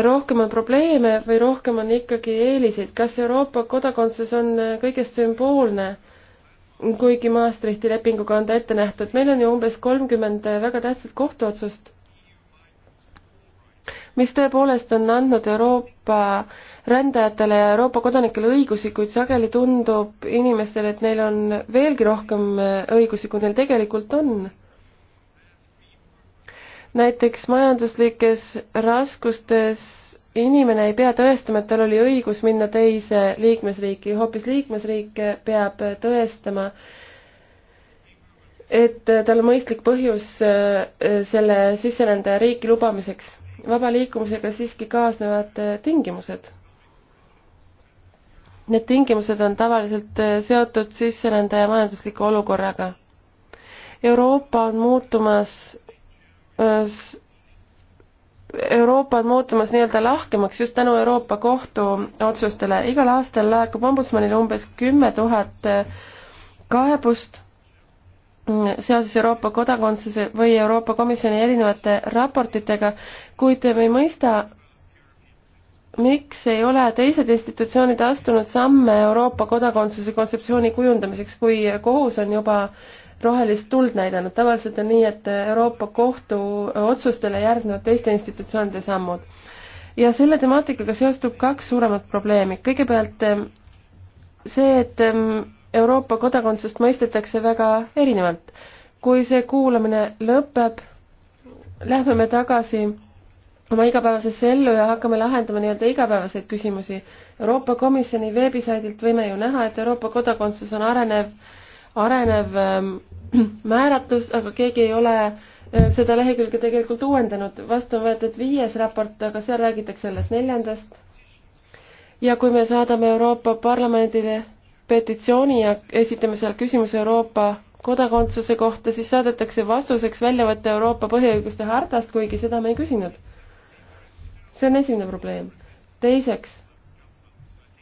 S4: rohkem on probleeme või rohkem on ikkagi eeliseid, kas Euroopa kodakondsus on eh, kõigest sümboolne, kuigi Maastrichti lepinguga on ta ette nähtud, meil on ju umbes kolmkümmend eh, väga tähtsat kohtuotsust mis tõepoolest on andnud Euroopa rändajatele ja Euroopa kodanikele õigusi, kuid sageli tundub inimestele, et neil on veelgi rohkem äh, õigusi, kui neil tegelikult on. näiteks majanduslikes raskustes inimene ei pea tõestama, et tal oli õigus minna teise liikmesriiki, hoopis liikmesriik peab tõestama, et äh, tal on mõistlik põhjus äh, selle sisserändaja riiki lubamiseks vaba liikumisega siiski kaasnevad eh, tingimused. Need tingimused on tavaliselt eh, seotud sisserändaja majandusliku olukorraga. Euroopa on muutumas eh, Euroopa on muutumas nii-öelda lahkemaks just tänu Euroopa Kohtu otsustele. igal aastal laekub ombudsmanile umbes kümme tuhat kaebust seoses Euroopa kodakondsuse või Euroopa Komisjoni erinevate raportitega, kuid me ei mõista, miks ei ole teised institutsioonid astunud samme Euroopa kodakondsuse kontseptsiooni kujundamiseks, kui kohus on juba rohelist tuld näidanud, tavaliselt on nii, et Euroopa Kohtu otsustele järgnevad teiste institutsioonide sammud. ja selle temaatikaga seostub kaks suuremat probleemi, kõigepealt eh, see, et mm, Euroopa kodakondsust mõistetakse väga erinevalt. kui see kuulamine lõpeb, lähme me tagasi oma igapäevasesse ellu ja hakkame lahendama nii-öelda igapäevaseid küsimusi. Euroopa Komisjoni veebisaidilt võime ju näha, et Euroopa kodakondsus on arenev, arenev ähm, [CLEARS THROAT] määratus, aga keegi ei ole äh, seda lehekülge tegelikult uuendanud. vastu on võetud viies raport, aga seal räägitakse alles neljandast. ja kui me saadame Euroopa Parlamendile petitsiooni ja esitame seal küsimuse Euroopa kodakondsuse kohta, siis saadetakse vastuseks väljavõte Euroopa põhiõiguste hartast, kuigi seda me ei küsinud. see on esimene probleem. teiseks,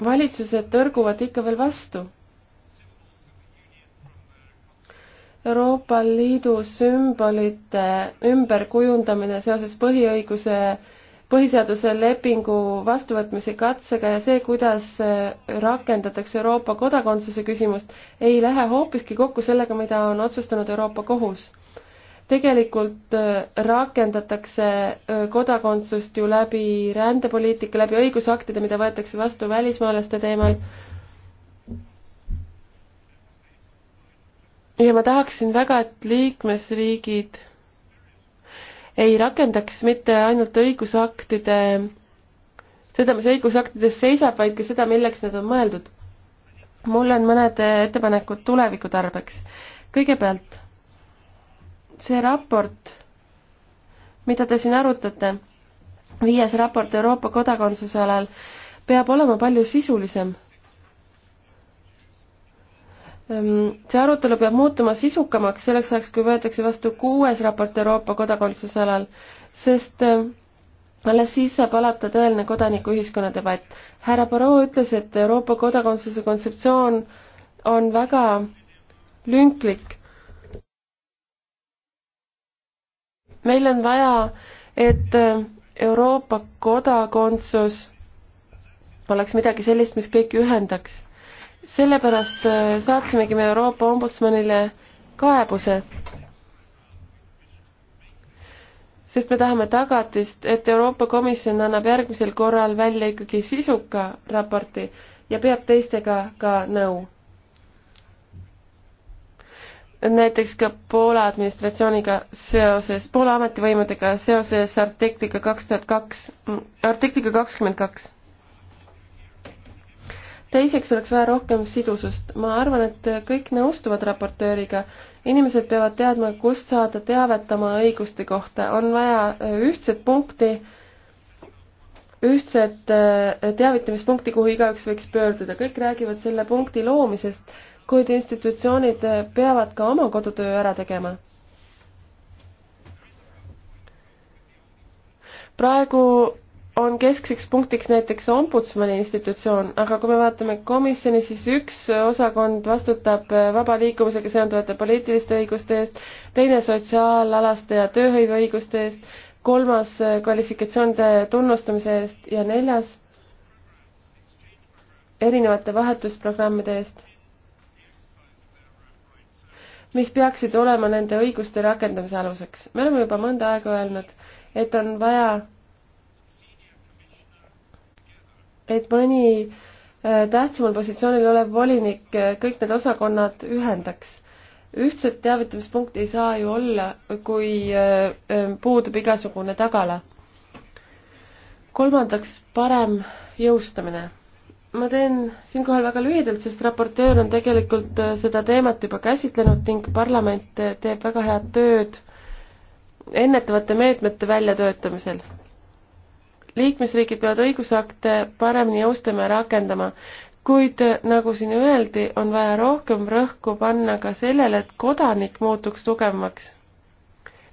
S4: valitsused tõrguvad ikka veel vastu. Euroopa Liidu sümbolite ümberkujundamine seoses põhiõiguse põhiseaduse lepingu vastuvõtmise katsega ja see, kuidas äh, rakendatakse Euroopa kodakondsuse küsimust, ei lähe hoopiski kokku sellega, mida on otsustanud Euroopa Kohus. tegelikult äh, rakendatakse äh, kodakondsust ju läbi rändepoliitika, läbi õigusaktide, mida võetakse vastu välismaalaste teemal. ja ma tahaksin väga, et liikmesriigid ei rakendaks mitte ainult õigusaktide, seda, mis õigusaktides seisab, vaid ka seda, milleks need on mõeldud. mul on mõned ettepanekud tuleviku tarbeks. kõigepealt, see raport, mida te siin arutate, viies raport Euroopa kodakondsuse alal, peab olema palju sisulisem Ehm, see arutelu peab muutuma sisukamaks selleks ajaks, kui võetakse vastu kuues raport Euroopa kodakondsuse alal, sest ehm, alles siis saab alata tõeline kodanikuühiskonna debatt. härra Barrot ütles, et Euroopa kodakondsuse kontseptsioon on väga lünklik. meil on vaja, et ehm, Euroopa kodakondsus oleks midagi sellist, mis kõiki ühendaks sellepärast äh, saatsimegi me Euroopa ombudsmanile kaebuse. sest me tahame tagatist, et Euroopa Komisjon annab järgmisel korral välja ikkagi sisuka raporti ja peab teistega ka nõu. näiteks ka Poola administratsiooniga seoses, Poola ametivõimudega seoses artikliga kaks tuhat kaks, artikliga kakskümmend kaks teiseks oleks vaja rohkem sidusust. ma arvan, et kõik nõustuvad raportööriga. inimesed peavad teadma, kust saada teavet oma õiguste kohta. on vaja ühtset punkti, ühtset äh, teavitamispunkti, kuhu igaüks võiks pöörduda. kõik räägivad selle punkti loomisest, kuid institutsioonid peavad ka oma kodutöö ära tegema. praegu on keskseks punktiks näiteks ombudsmani institutsioon, aga kui me vaatame komisjoni, siis üks osakond vastutab äh, vaba liikumisega seonduvate poliitiliste õiguste eest, teine sotsiaalalaste ja tööhõiveõiguste eest, kolmas äh, kvalifikatsioonide tunnustamise eest ja neljas erinevate vahetusprogrammide eest, mis peaksid olema nende õiguste rakendamise aluseks. me oleme juba mõnda aega öelnud, et on vaja et mõni äh, tähtsamal positsioonil olev volinik äh, kõik need osakonnad ühendaks. ühtset teavitamispunkti ei saa ju olla, kui äh, puudub igasugune tagala. kolmandaks, parem jõustamine. ma teen siinkohal väga lühidalt, sest raportöör on tegelikult seda teemat juba käsitlenud ning parlament teeb väga head tööd ennetavate meetmete väljatöötamisel liikmesriigid peavad õigusakte paremini jõustama ja rakendama, kuid nagu siin öeldi, on vaja rohkem rõhku panna ka sellele, et kodanik muutuks tugevamaks.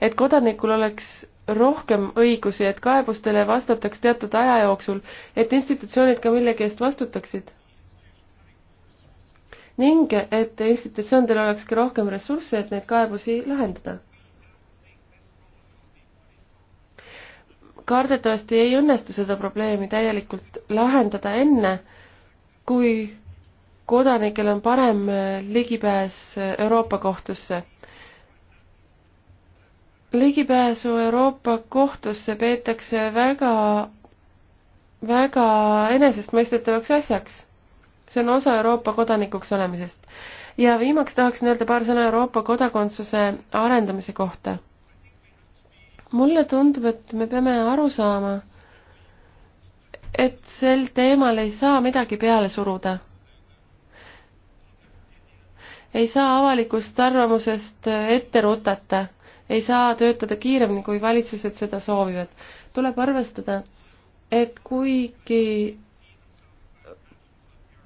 S4: et kodanikul oleks rohkem õigusi, et kaebustele vastataks teatud aja jooksul, et institutsioonid ka millegi eest vastutaksid. ning et institutsioonidel oleks ka rohkem ressursse, et neid kaebusi lahendada kardetavasti ei õnnestu seda probleemi täielikult lahendada enne, kui kodanikel on parem äh, ligipääs äh, Euroopa kohtusse. ligipääsu Euroopa kohtusse peetakse väga, väga enesestmõistetavaks asjaks. see on osa Euroopa kodanikuks olemisest. ja viimaks tahaksin öelda paar sõna Euroopa kodakondsuse arendamise kohta mulle tundub, et me peame aru saama, et sel teemal ei saa midagi peale suruda. ei saa avalikust arvamusest ette rutata, ei saa töötada kiiremini, kui valitsused seda soovivad. tuleb arvestada, et kuigi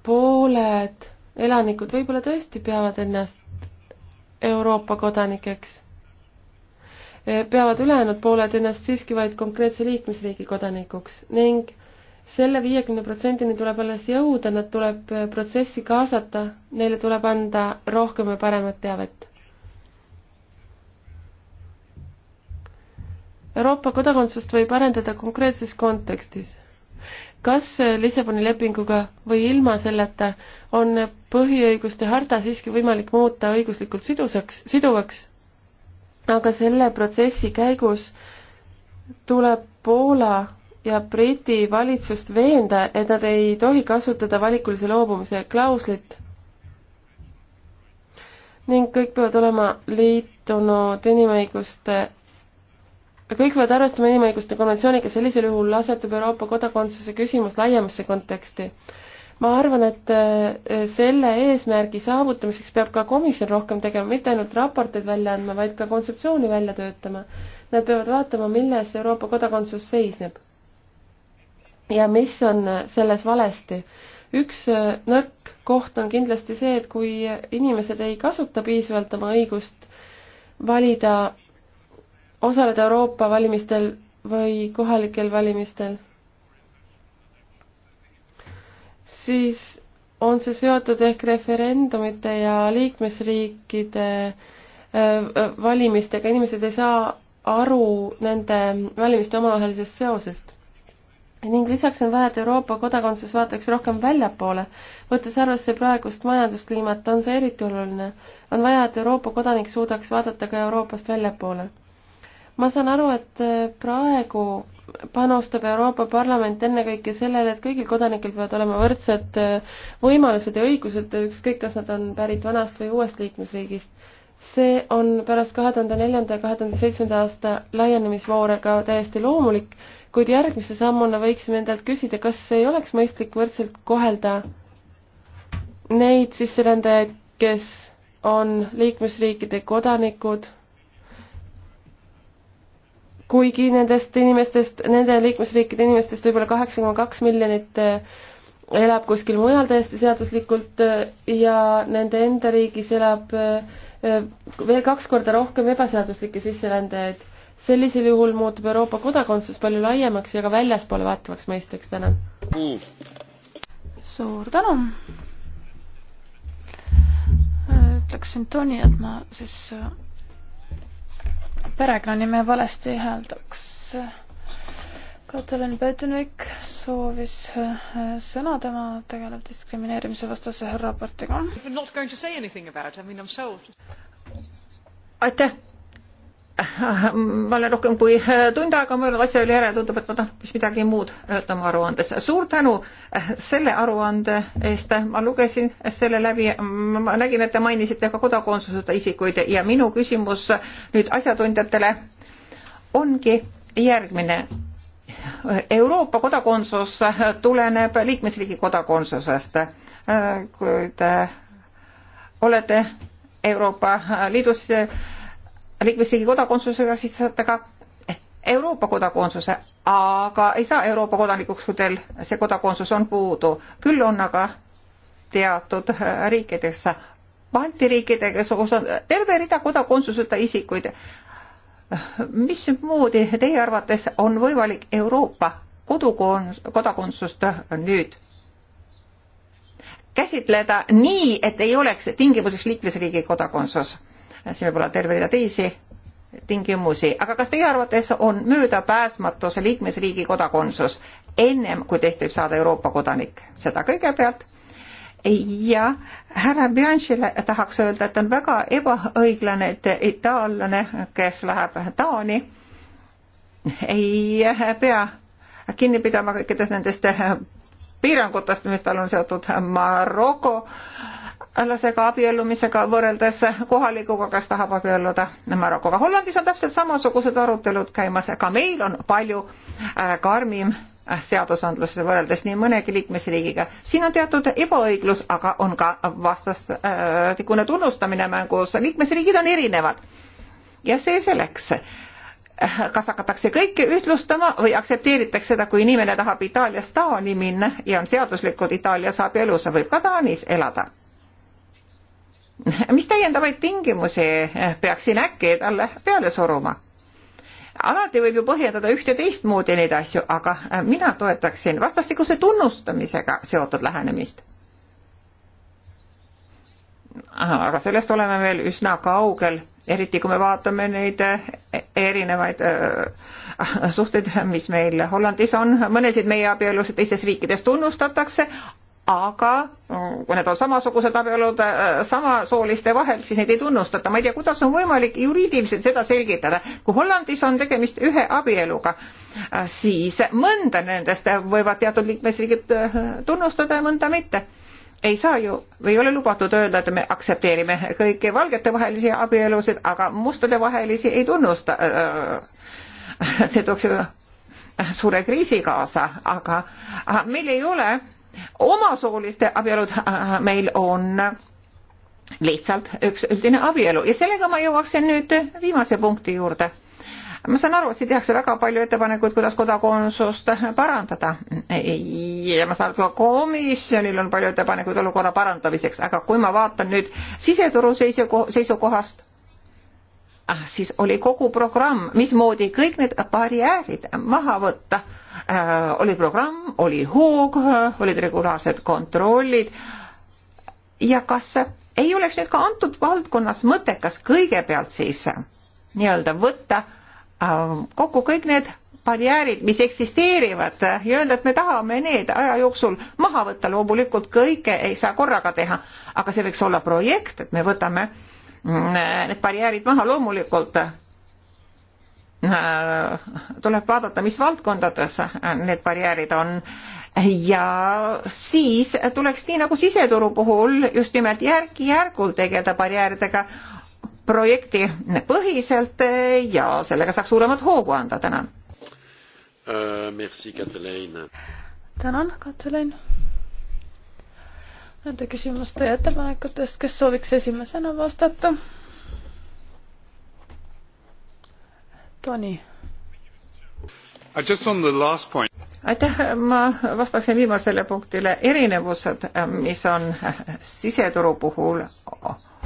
S4: pooled elanikud võib-olla tõesti peavad ennast Euroopa kodanikeks Eh, peavad ülejäänud pooled ennast siiski vaid konkreetse liikmesriigi kodanikuks ning selle viiekümne protsendini tuleb alles jõuda, nad tuleb eh, protsessi kaasata, neile tuleb anda rohkem ja paremat teavet. Euroopa kodakondsust võib arendada konkreetses kontekstis. kas eh, Lissaboni lepinguga või ilma selleta on põhiõiguste harta siiski võimalik muuta õiguslikult sidusaks, siduvaks? aga selle protsessi käigus tuleb Poola ja Briti valitsust veenda, et nad ei tohi kasutada valikulise loobumise klauslit. ning kõik peavad olema liitunud inimõiguste, kõik peavad arvestama inimõiguste konventsiooniga, sellisel juhul asetub Euroopa kodakondsuse küsimus laiemasse konteksti ma arvan, et äh, selle eesmärgi saavutamiseks peab ka komisjon rohkem tegema, mitte ainult raporteid välja andma, vaid ka kontseptsiooni välja töötama. Nad peavad vaatama, milles Euroopa kodakondsus seisneb. ja mis on selles valesti. üks äh, nõrk koht on kindlasti see, et kui inimesed ei kasuta piisavalt oma õigust valida, osaleda Euroopa valimistel või kohalikel valimistel siis on see seotud ehk referendumite ja liikmesriikide äh, äh, valimistega, inimesed ei saa aru nende valimiste omavahelisest seosest. ning lisaks on vaja, et Euroopa kodakondsus vaataks rohkem väljapoole. võttes arvesse praegust majanduskliimat, on see eriti oluline. on vaja, et Euroopa kodanik suudaks vaadata ka Euroopast väljapoole. ma saan aru, et äh, praegu panustab Euroopa Parlament ennekõike sellele, et kõigil kodanikel peavad olema võrdsed äh, võimalused ja õigused, ükskõik, kas nad on pärit vanast või uuest liikmesriigist. see on pärast kahe tuhande neljanda ja kahe tuhande seitsmenda aasta laienemisvoore ka täiesti loomulik, kuid järgmise sammuna võiksime endalt küsida, kas ei oleks mõistlik võrdselt kohelda neid sisserändajaid, kes on liikmesriikide kodanikud kuigi nendest inimestest, nende liikmesriikide inimestest võib-olla kaheksa koma kaks miljonit eh, elab kuskil mujal täiesti seaduslikult eh, ja nende enda riigis elab eh, veel kaks korda rohkem ebaseaduslikke sisserändajaid. sellisel juhul muutub Euroopa kodakondsus palju laiemaks ja ka väljaspoole vaatavaks mõisteks, tänan mm..
S2: suur tänu. ütleksin Toni, et ma siis äh, perekonnanime valesti hääldaks. Katalin Petunik soovis äh, sõna, tema tegeleb diskrimineerimise vastase raportiga.
S3: aitäh, ma olen rohkem kui eh, tund aega mõelnud asja üle järele, tundub, et ma tahan hoopis midagi muud öelda eh, oma aruandes. suur tänu eh, selle aruande eest, ma lugesin selle läbi, ma nägin, et te mainisite ka kodakondsuseta isikuid ja minu küsimus nüüd asjatundjatele ongi järgmine. Euroopa kodakondsus tuleneb liikmesriigi kodakondsusest, kui te olete Euroopa Liidus liikmesriigi kodakondsusega, siis saate ka eh, Euroopa kodakondsuse, aga ei saa Euroopa kodanikuks, kui teil see kodakondsus on puudu. küll on aga teatud eh, riikidesse, Balti riikidega, kus on terve rida kodakondsuseta isikuid. mismoodi teie arvates on võimalik Euroopa kodukons-, kodakondsust eh, nüüd käsitleda nii, et ei oleks tingimuseks liikmesriigi kodakondsus? siin võib olla terve rida teisi tingimusi, aga kas teie arvates on möödapääsmatu see liikmesriigi kodakondsus ennem, kui teist võib saada Euroopa kodanik, seda kõigepealt ja härra Bianchile tahaks öelda, et on väga ebaõiglane, et itaallane, kes läheb Taani, ei pea kinni pidama kõikidest nendest piirangutest, mis tal on seotud Maroko äh, alasega abiellumisega võrreldes kohalikuga, kes tahab abielluda Marokoga. Hollandis on täpselt samasugused arutelud käimas, ka meil on palju äh, karmim äh, seadusandluse võrreldes nii mõnegi liikmesriigiga. siin on teatud ebaõiglus, aga on ka vastastikune tunnustamine mängus, liikmesriigid on erinevad. ja see selleks äh, kas hakatakse kõike ühtlustama või aktsepteeritakse seda, kui inimene tahab Itaaliast Taani minna ja on seaduslikult Itaalias abielus ja võib ka Taanis elada mis täiendavaid tingimusi eh, peaks siin äkki talle peale suruma? alati võib ju põhjendada üht ja teistmoodi neid asju, aga eh, mina toetaksin vastastikuse tunnustamisega seotud lähenemist. aga sellest oleme veel üsna kaugel, eriti kui me vaatame neid eh, erinevaid suhteid, mis meil Hollandis on, mõnesid meie abielusid teistes riikides tunnustatakse, aga kui need on samasugused abielud äh, samasooliste vahel, siis neid ei tunnustata. ma ei tea, kuidas on võimalik juriidiliselt seda selgitada. kui Hollandis on tegemist ühe abieluga, äh, siis mõnda nendest võivad teatud liikmesriigid äh, tunnustada ja mõnda mitte ei saa ju või ei ole lubatud öelda, et me aktsepteerime kõiki valgetevahelisi abielusid, aga mustadevahelisi ei tunnusta. see tooks ju suure kriisi kaasa, aga meil ei ole omasooliste abielud äh, meil on lihtsalt üks üldine abielu ja sellega ma jõuaksin nüüd viimase punkti juurde. ma saan aru, et siin tehakse väga palju ettepanekuid, kuidas kodakondsust parandada ja ma saan aru, ka komisjonil on palju ettepanekuid olukorra parandamiseks, aga kui ma vaatan nüüd siseturu seisukohast, Ah, siis oli kogu programm, mismoodi kõik need barjäärid maha võtta. Äh, oli programm, oli hoog, olid regulaarsed kontrollid ja kas ei oleks nüüd ka antud valdkonnas mõttekas kõigepealt siis äh, nii-öelda võtta äh, kokku kõik need barjäärid, mis eksisteerivad ja öelda, et me tahame need aja jooksul maha võtta, loomulikult kõike ei saa korraga teha, aga see võiks olla projekt, et me võtame äh, need barjäärid maha, loomulikult äh, tuleb vaadata, mis valdkondades need barjäärid on ja siis tuleks nii nagu siseturu puhul just nimelt järk-järgult tegeleda barjääridega projekti põhiselt ja
S1: sellega saaks suuremat
S3: hoogu anda, tänan
S1: uh,. Merci, Katelein.
S2: tänan, Katelein nende küsimuste ja ettepanekutest, kes sooviks esimesena vastata?
S3: Tony. aitäh, ma vastaksin viimasele punktile, erinevused, mis on siseturu puhul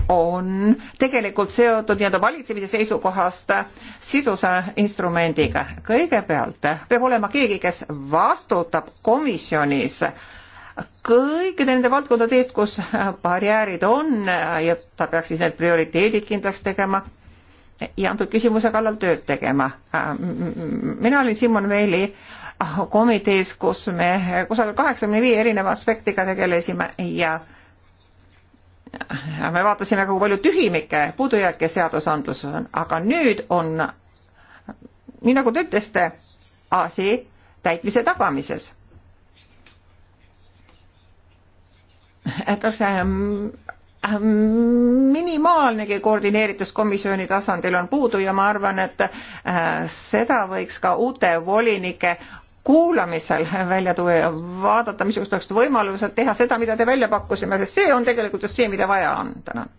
S3: on tegelikult seotud nii-öelda valitsemise seisukohast sisusa instrumendiga. kõigepealt peab olema keegi, kes vastutab komisjonis äh, kõikide nende valdkondade eest, kus barjäärid on ja ta peaks siis need prioriteedid kindlaks tegema ja antud küsimuse kallal tööd tegema. mina olin Simon Veili komitees, kus me kusagil kaheksakümne viie erineva aspektiga tegelesime ja me vaatasime, kui palju tühimikke, puudujääke seadusandluses on, aga nüüd on, nii nagu te ütlesite, asi täitmise tagamises Ähm, ähm, minimaalnegi koordineeritus komisjoni tasandil on puudu ja ma arvan, et äh, seda võiks ka uute volinike kuulamisel välja tuua ja vaadata, missugused oleksid võimalused teha seda, mida te välja pakkusime, sest see on tegelikult just see, mida vaja
S1: on. tänan.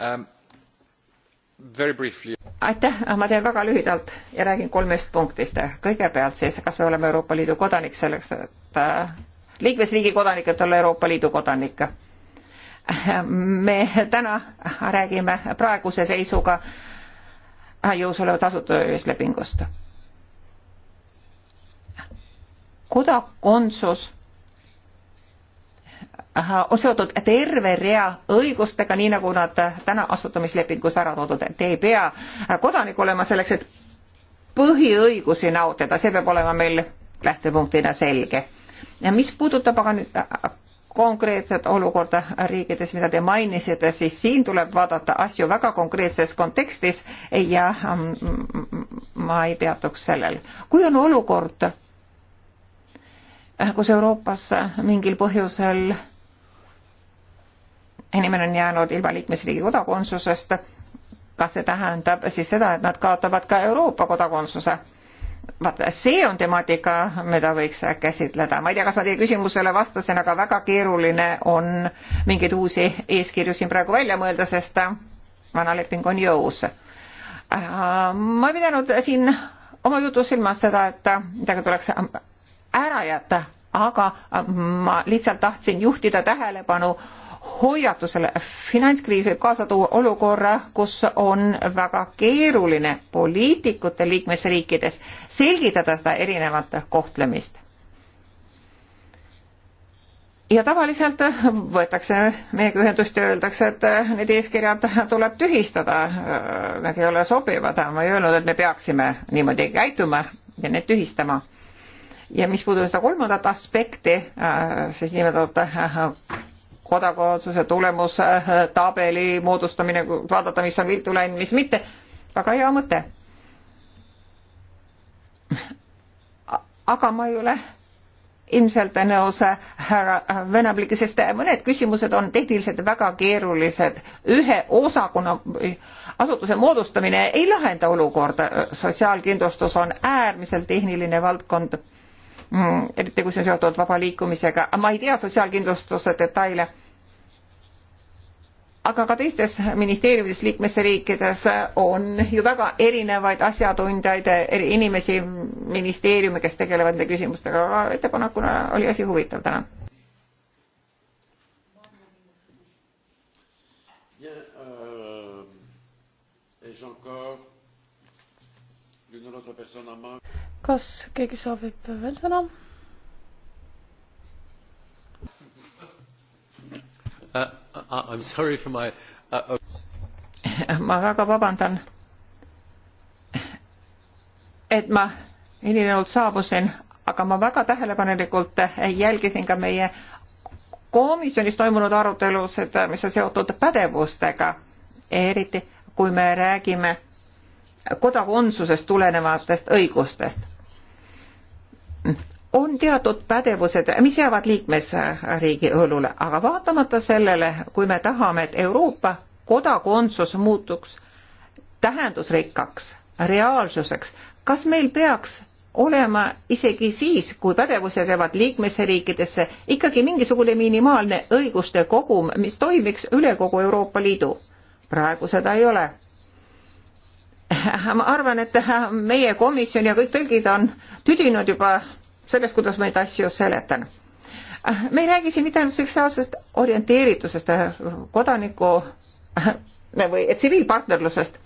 S1: Um, aitäh,
S3: ma teen väga lühidalt ja räägin kolmest punktist. kõigepealt siis, kas me oleme Euroopa Liidu kodanik selleks, et äh, liikmesriigi kodanik, et olla Euroopa Liidu kodanik. me täna räägime praeguse seisuga jõusolevast asutamislepingust. kodakondsus seotud terve rea õigustega, nii nagu nad täna asutamislepingus ära toodud, et ei pea kodanik olema selleks, et põhiõigusi nautida, see peab olema meil lähtepunktina selge. ja mis puudutab aga nüüd äh, konkreetset olukorda riikides, mida te mainisite, siis siin tuleb vaadata asju väga konkreetses kontekstis ja mm, mm, ma ei peatuks sellel. kui on olukord, äh, kus Euroopas mingil põhjusel inimene on jäänud ilma liikmesriigi kodakondsusest, kas see tähendab siis seda, et nad kaotavad ka Euroopa kodakondsuse? vaata, see on temaatika, mida võiks käsitleda. ma ei tea, kas ma teie küsimusele vastasin, aga väga keeruline on mingeid uusi eeskirju siin praegu välja mõelda, sest vana leping on jõus. ma ei pidanud siin oma jutus silmas seda, et midagi tuleks ära jätta, aga ma lihtsalt tahtsin juhtida tähelepanu äh, hoiatusele. finantskriis võib kaasa tuua olukorra, kus on väga keeruline poliitikute liikmesriikides selgitada seda erinevat kohtlemist. ja tavaliselt võetakse meiega ühendust ja öeldakse, et need eeskirjad tuleb tühistada, need ei ole sobivad, ma ei öelnud, et me peaksime niimoodi käituma ja need tühistama ja mis puudutab seda kolmandat aspekti, siis nimetatud kodakondsuse tulemustabeli eh, moodustamine, vaadata, mis on viltu läinud, mis mitte. väga hea mõte. aga ma ei ole ilmselt nõus eh, härra Venabliki, sest mõned küsimused on tehniliselt väga keerulised. ühe osakonna asutuse moodustamine ei lahenda olukorda. sotsiaalkindlustus on äärmiselt tehniline valdkond Mm, eriti kui see on seotud vaba liikumisega, ma ei tea sotsiaalkindlustuse detaile. aga ka teistes ministeeriumides liikmesriikides on ju väga erinevaid asjatundjaid, inimesi, ministeeriume, kes tegelevad nende küsimustega, aga ettepanekuna oli asi huvitav täna
S1: encore euh,
S2: kas keegi soovib veel sõna?
S1: Uh, uh, uh,
S3: ma väga vabandan, et ma hilinenult saabusin, aga ma väga tähelepanelikult jälgisin ka meie komisjonis toimunud arutelusid, mis on seotud pädevustega, eriti kui me räägime kodakondsusest tulenevatest õigustest. on teatud pädevused, mis jäävad liikmesriigi õlule, aga vaatamata sellele, kui me tahame, et Euroopa kodakondsus muutuks tähendusrikkaks, reaalsuseks, kas meil peaks olema isegi siis, kui pädevused jäävad liikmesriikidesse, ikkagi mingisugune minimaalne õiguste kogum, mis toimiks üle kogu Euroopa Liidu. praegu seda ei ole. [LAUGHS] ma arvan, et meie komisjon ja kõik tõlgid on tüdinud juba sellest, kuidas ma neid asju seletan. me ei räägi siin mitte ainult seksuaalsest orienteeritusest kodaniku [LAUGHS] või tsiviilpartnerlusest.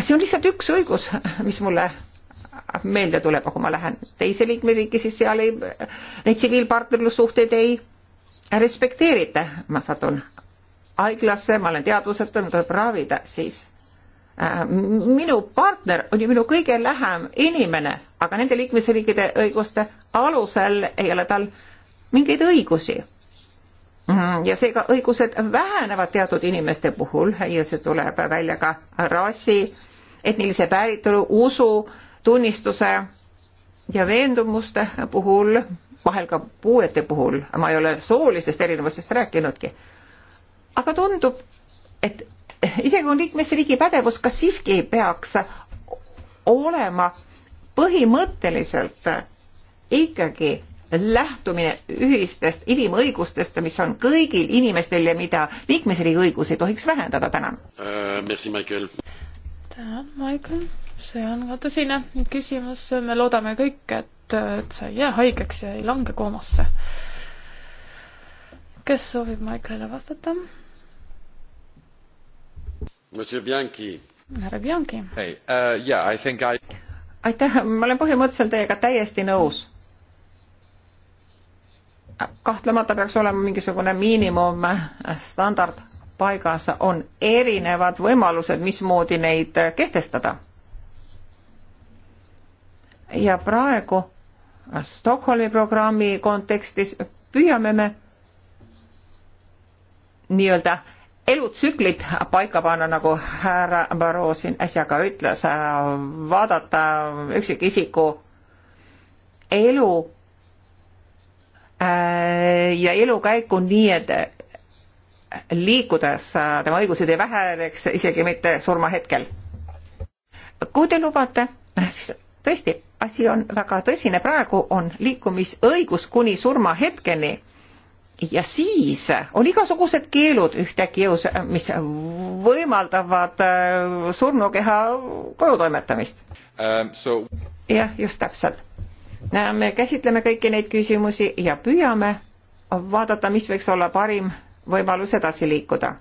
S3: see on lihtsalt üks õigus, mis mulle meelde tuleb, aga kui ma lähen teise liikmeriiki, siis seal ei, neid tsiviilpartnerlussuhteid ei respekteerita, ma satun haiglasse, ma olen teadvuseta, mul tuleb ravida, siis Äh, minu partner on ju minu kõige lähem inimene, aga nende liikmesriikide õiguste alusel ei ole tal mingeid õigusi. Mm, ja seega õigused vähenevad teatud inimeste puhul ja see tuleb välja ka rassi, etnilise päritolu, usu, tunnistuse ja veendumuste puhul, vahel ka puuete puhul, ma ei ole soolisest erinevusest rääkinudki. aga tundub, et isegi on liikmesriigi pädevus, kas siiski ei peaks olema põhimõtteliselt ikkagi lähtumine ühistest inimõigustest, mis on kõigil inimestel ja mida liikmesriigi õigus ei tohiks vähendada,
S1: tänan uh,. Merci, Michael.
S2: tänan, Michael. see on ka tõsine küsimus, me loodame kõik, et, et sa ei jää haigeks ja ei lange koomasse. kes soovib Michaelile vastata?
S3: härra Bianchi
S1: hey,. Uh, yeah, I...
S3: aitäh, ma olen põhimõtteliselt teiega täiesti nõus. kahtlemata peaks olema mingisugune miinimumstandard paigas, on erinevad võimalused, mismoodi neid kehtestada. ja praegu Stockholmi programmi kontekstis püüame me nii-öelda elutsüklit paika panna, nagu härra Barrot siin äsja ka ütles, vaadata üksikisiku elu äh, ja elukäiku nii, et liikudes tema õigused ei väheneks isegi mitte surmahetkel. kui te lubate, siis tõesti, asi on väga tõsine, praegu on liikumisõigus kuni surmahetkeni ja siis on igasugused keelud ühtäkki jõus, mis võimaldavad äh, surnukeha koju toimetamist um,. So... jah, just täpselt. me käsitleme kõiki neid küsimusi ja püüame vaadata, mis võiks olla parim võimalus edasi liikuda.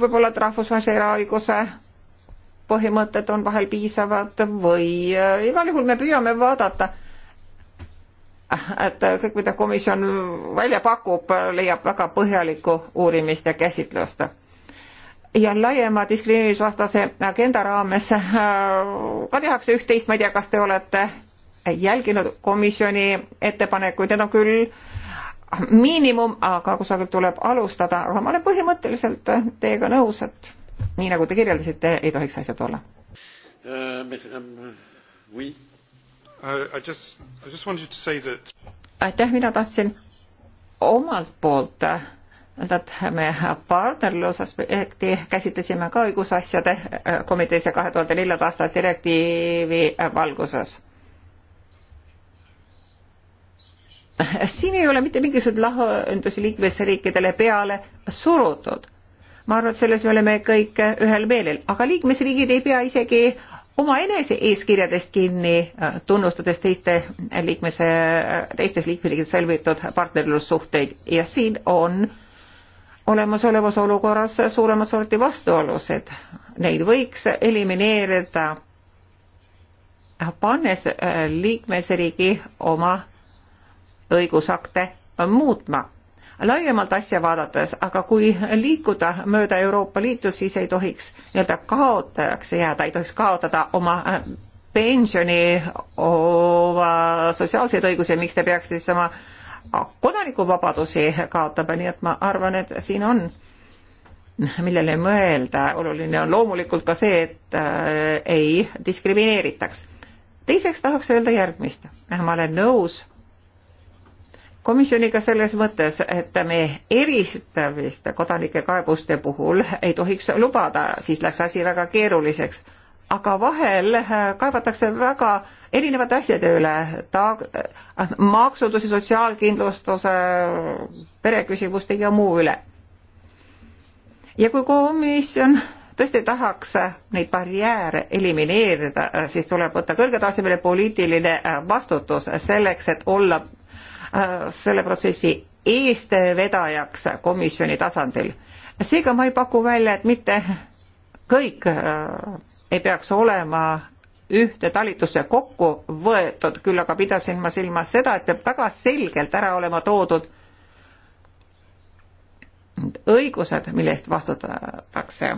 S3: võib-olla, et rahvusvahelise eraõiguse põhimõtted on vahel piisavad või äh, igal juhul me püüame vaadata et kõik, mida komisjon välja pakub, leiab väga põhjalikku uurimist ja käsitlust. ja laiema diskrimineerimisvastase agenda raames äh, ka tehakse üht-teist, ma ei tea, kas te olete jälginud komisjoni ettepanekuid, need on küll miinimum, aga kusagilt tuleb alustada, aga ma olen põhimõtteliselt teiega nõus, et nii nagu te kirjeldasite, ei tohiks asjad olla
S1: uh,. Uh, oui
S3: aitäh, mina tahtsin omalt poolt öelda, äh, et me partnerluse aspekti käsitlesime ka õigusasjade äh, komitees ja kahe tuhande neljanda aasta direktiivi äh, valguses. siin ei ole mitte mingisuguseid lahendusi liikmesriikidele peale surutud ma arvan, et selles me oleme kõik ühel meelel, aga liikmesriigid ei pea isegi oma enese eeskirjadest kinni, äh, tunnustades teiste liikmese, äh, teistes liikmesriikides sõlmitud partnerlussuhteid ja siin on olemasolevas olukorras suuremat sorti vastuolusid. Neid võiks elimineerida, pannes äh, liikmesriigi oma õigusakte muutma laiemalt asja vaadates, aga kui liikuda mööda Euroopa Liitu, siis ei tohiks nii-öelda kaotajaks jääda, ei tohiks kaotada oma äh, pensioni, oma sotsiaalseid õigusi, miks te peaksite siis oma kodanikuvabadusi kaotama, nii et ma arvan, et siin on millele mõelda, oluline on loomulikult ka see, et äh, ei diskrimineeritaks. teiseks tahaks öelda järgmist. ma olen nõus komisjoniga selles mõttes, et me eristamist kodanike kaebuste puhul ei tohiks lubada, siis läks asi väga keeruliseks. aga vahel äh, kaevatakse väga erinevate asjade üle, ta-, äh, maksunduse, sotsiaalkindlustuse, pereküsimuste ja muu üle. ja kui komisjon tõesti tahaks neid barjääre elimineerida, äh, siis tuleb võtta kõrgetasemeline poliitiline vastutus selleks, et olla Äh, selle protsessi eestvedajaks komisjoni tasandil. seega ma ei paku välja, et mitte kõik äh, ei peaks olema ühte talitusse kokku võetud, küll aga pidasin ma silmas seda, et peab väga selgelt ära olema toodud õigused, mille eest vastutatakse.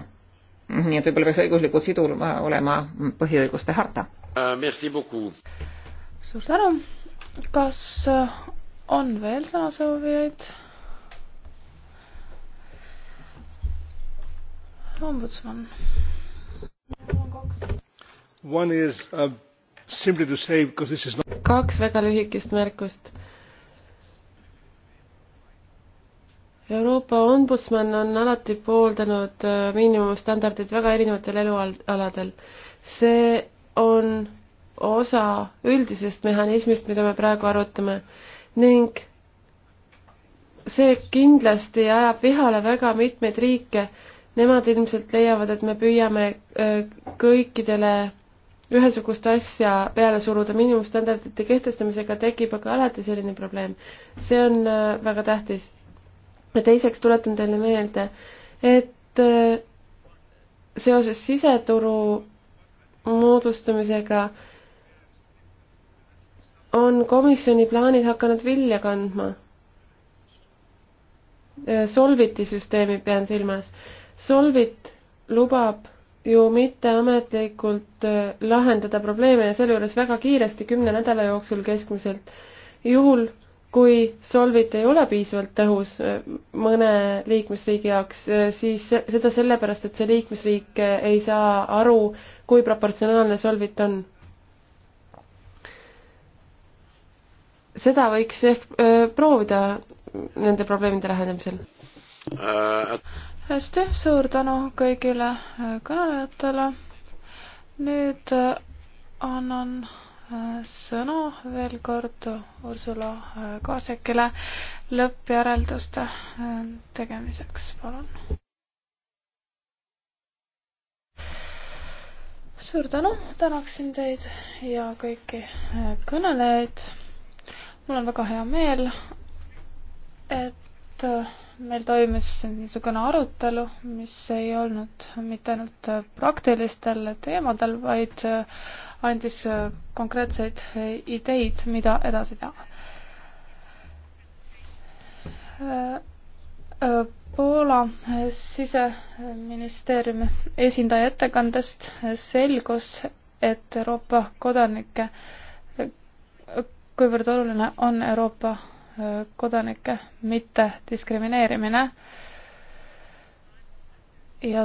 S3: nii et võib-olla peaks õiguslikult sidul olema põhiõiguste harta.
S1: Äh,
S3: suur tänu.
S2: kas on veel sõnasoovijaid? ombudsman.
S1: Uh,
S4: kaks väga lühikest märkust. Euroopa ombudsman on alati pooldanud äh, miinimumstandardid väga erinevatel elualadel. see on osa üldisest mehhanismist, mida me praegu arutame ning see kindlasti ajab vihale väga mitmeid riike. Nemad ilmselt leiavad, et me püüame kõikidele ühesugust asja peale suruda miinimumstandardite kehtestamisega tekib aga alati selline probleem. see on väga tähtis. ja teiseks tuletan teile meelde, et seoses siseturu moodustamisega äh, on komisjoni plaanid hakanud vilja kandma. Solviti süsteemi pean silmas. Solvit lubab ju mitteametlikult äh, lahendada probleeme ja selle juures väga kiiresti, kümne nädala jooksul keskmiselt. juhul, kui Solvit ei ole piisavalt tõhus äh, mõne liikmesriigi jaoks, äh, siis seda sellepärast, et see liikmesriik ei saa aru, kui proportsionaalne Solvit on seda võiks ehk öö, proovida nende probleemide lahendamisel
S1: äh..
S4: hästi, suur tänu kõigile äh, kõnelejatele.
S2: nüüd äh, annan äh, sõna veel kord Ursula Kaasekile lõppjärelduste tegemiseks, palun. suur tänu, tänaksin teid ja kõiki kõnelejaid mul on väga hea meel, et meil toimus niisugune arutelu, mis ei olnud mitte ainult praktilistel teemadel, vaid andis konkreetseid ideid, mida edasi teha. Poola siseministeeriumi esindaja ettekandest selgus, et Euroopa kodanike äh, kuivõrd oluline on Euroopa äh, kodanike mittediskrimineerimine ja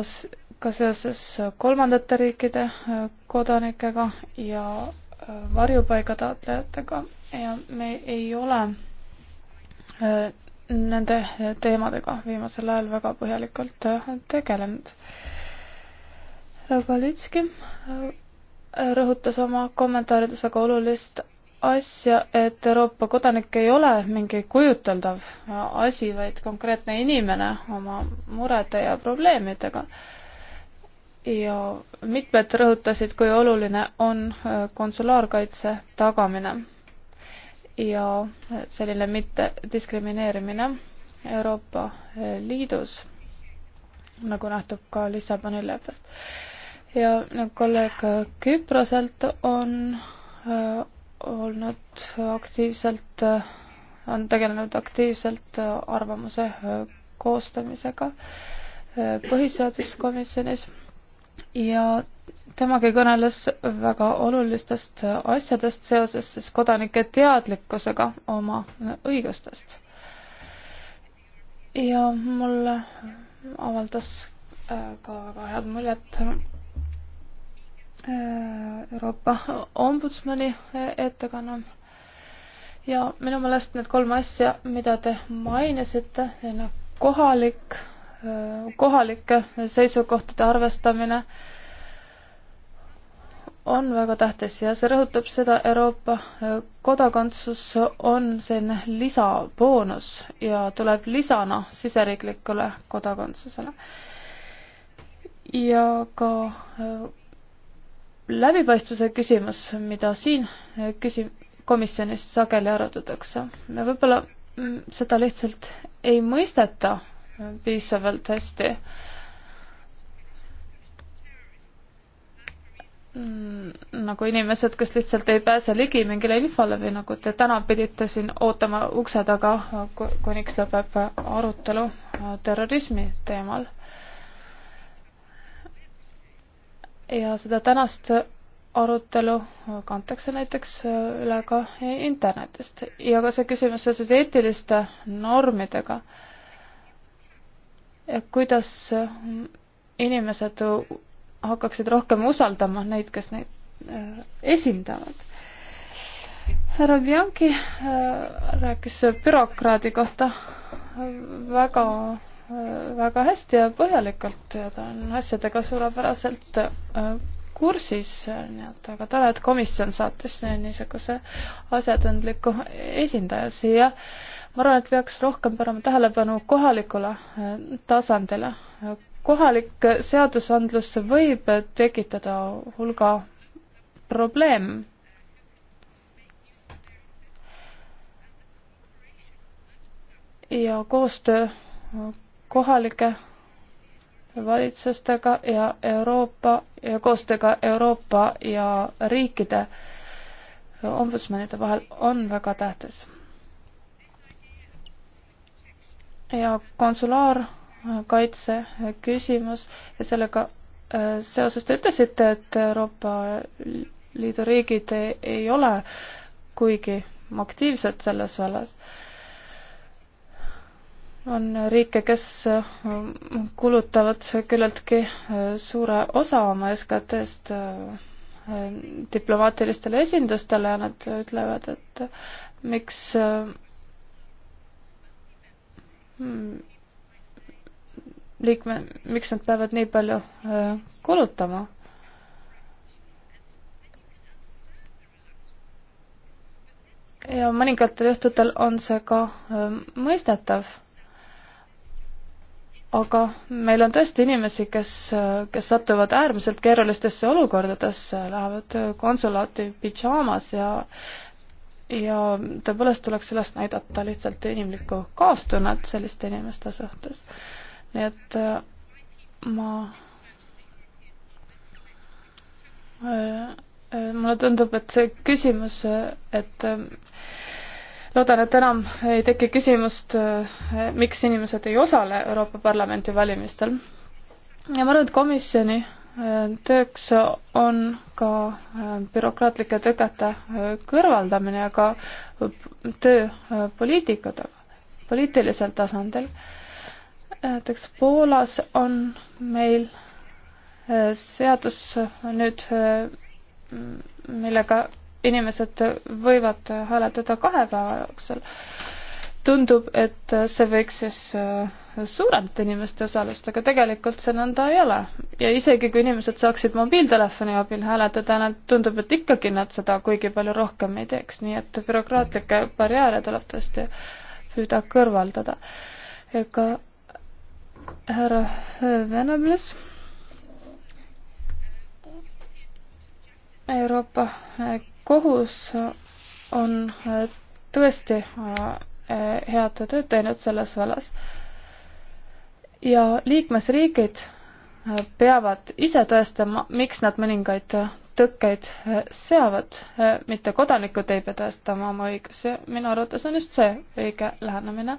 S2: ka seoses kolmandate riikide äh, kodanikega ja äh, varjupaigataotlejatega ja me ei ole nende teemadega viimasel ajal väga põhjalikult tegelenud. Rogalitski rõhutas oma kommentaarides väga olulist asja, et Euroopa kodanik ei ole mingi kujuteldav asi, vaid konkreetne inimene oma murede ja probleemidega. ja mitmed rõhutasid, kui oluline on äh, konsulaarkaitse tagamine ja äh, selline mittediskrimineerimine Euroopa äh, Liidus, nagu nähtub ka Lissaboni leppest. ja nagu kolleeg Küproselt on olnud aktiivselt, on tegelenud aktiivselt arvamuse koostamisega põhiseaduskomisjonis ja temagi kõneles väga olulistest asjadest seoses siis kodanike teadlikkusega oma õigustest. ja mulle avaldas äh, ka väga head muljet Euroopa Ombudsmani eh, ettekanne ja minu meelest need kolm asja, mida te mainisite, kohalik, eh, kohalike seisukohtade arvestamine on väga tähtis ja see rõhutab seda, Euroopa eh, kodakondsus on selline lisaboonus ja tuleb lisana siseriiklikule kodakondsusele. ja ka läbipaistvuse küsimus, mida siin eh, küsi-, komisjonis sageli arutatakse. võib-olla mm, seda lihtsalt ei mõisteta eh, piisavalt hästi. Mm, nagu inimesed, kes lihtsalt ei pääse ligi mingile infole või nagu te täna pidite siin ootama ukse taga, kuniks lõpeb arutelu eh, terrorismi teemal ja seda tänast arutelu kantakse näiteks äh, üle ka internetist ja ka see küsimus seoses eetiliste normidega. kuidas äh, inimesed hakkaksid rohkem usaldama neid, kes neid äh, esindavad. härra Bianchi rääkis bürokraadi kohta väga väga hästi ja põhjalikult ja ta on asjadega suurepäraselt äh, kursis, nii et väga tore, et komisjon saatis niisuguse asjatundliku esindaja siia. ma arvan, et peaks rohkem pärama tähelepanu kohalikule äh, tasandile. kohalik seadusandlus võib tekitada hulga probleem ja koostöö kohalike valitsustega ja Euroopa ja koostööga Euroopa ja riikide ombudsmanide vahel on väga tähtis. ja konsulaarkaitse küsimus ja sellega äh, seoses te ütlesite, et Euroopa Liidu riigid ei ole kuigi aktiivsed selles vallas on riike, kes äh, kulutavad küllaltki äh, suure osa oma SKT-st äh, diplomaatilistele esindustele ja nad ütlevad, et miks mm, liikme, miks nad peavad nii palju kulutama ja mõningatel juhtudel on see ka mõistetav aga meil on tõesti inimesi, kes, kes satuvad äärmiselt keerulistesse olukordadesse, lähevad konsulaati pidžaamas ja ja tõepoolest tuleks sellest näidata lihtsalt inimlikku kaastunnet selliste inimeste suhtes. nii et äh, ma äh, äh, mulle tundub, et see küsimus, et loodan, et enam ei teki küsimust, eh, miks inimesed ei osale Euroopa Parlamenti valimistel. ja ma arvan, et komisjoni eh, tööks on ka eh, bürokraatlike tõkete kõrvaldamine, aga töö poliitikad, poliitilisel tasandil. näiteks Poolas on meil seadus nüüd, millega inimesed võivad hääletada kahe päeva jooksul. tundub, et see võiks siis äh, suurendada inimeste osalust, aga tegelikult see nõnda ei ole. ja isegi, kui inimesed saaksid mobiiltelefoni abil hääletada, nad, tundub, et ikkagi nad seda kuigi palju rohkem ei teeks, nii et bürokraatlikke barjääre tuleb tõesti püüda kõrvaldada. ega härra Venebles Euroopa kohus on äh, tõesti äh, äh, head tööd teinud selles vallas ja liikmesriigid peavad ise tõestama, miks nad mõningaid tõkkeid seavad, mitte kodanikud ei pea tõestama oma õigusi, minu arvates on just see õige lähenemine.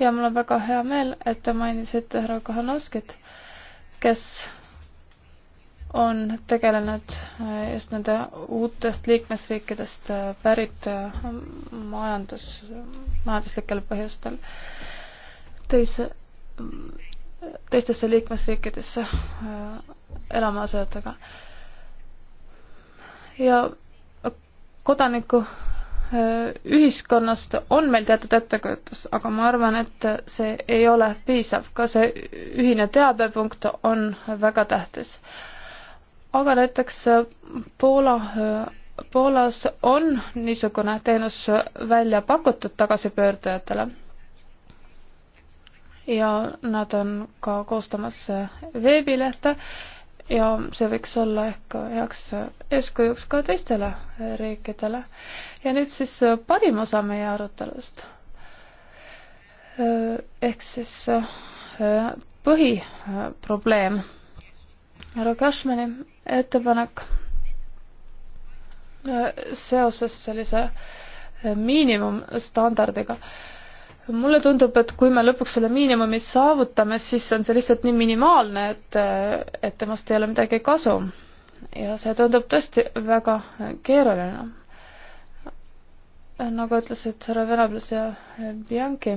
S2: ja mul on väga hea meel, et te mainisite härra Kohanovskit, kes on tegelenud äh, just nende uutest liikmesriikidest äh, pärit äh, majandus, majanduslikel põhjustel teise, teistesse liikmesriikidesse elama asujatega. ja kodaniku ühiskonnast on meil teatud ettekujutus, aga ma arvan, et see ei ole piisav, ka see ühine teabepunkt on väga tähtis aga näiteks äh, Poola, äh, Poolas on niisugune teenus välja pakutud tagasipöördujatele. ja nad on ka koostamas äh, veebilehte ja see võiks olla ehk heaks eeskujuks ka teistele riikidele. ja nüüd siis parim osa meie arutelust. ehk siis põhiprobleem härra Cashmani ettepanek äh, seoses sellise äh, miinimumstandardiga. mulle tundub, et kui me lõpuks selle miinimumi saavutame, siis on see lihtsalt nii minimaalne, et, äh, et temast ei ole midagi kasu. ja see tundub tõesti väga keeruline. nagu ütlesid härra Venablas ja Bianchi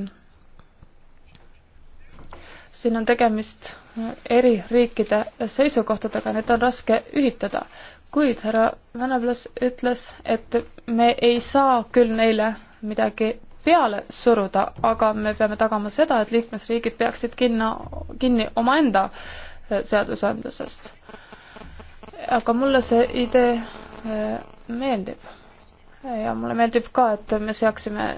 S2: siin on tegemist eri riikide seisukohtadega, need on raske ühitada. kuid härra Vänablas ütles, et me ei saa küll neile midagi peale suruda, aga me peame tagama seda, et liikmesriigid peaksid kinno, kinni omaenda seadusandlusest. aga mulle see idee eh, meeldib ja mulle meeldib ka, et me seaksime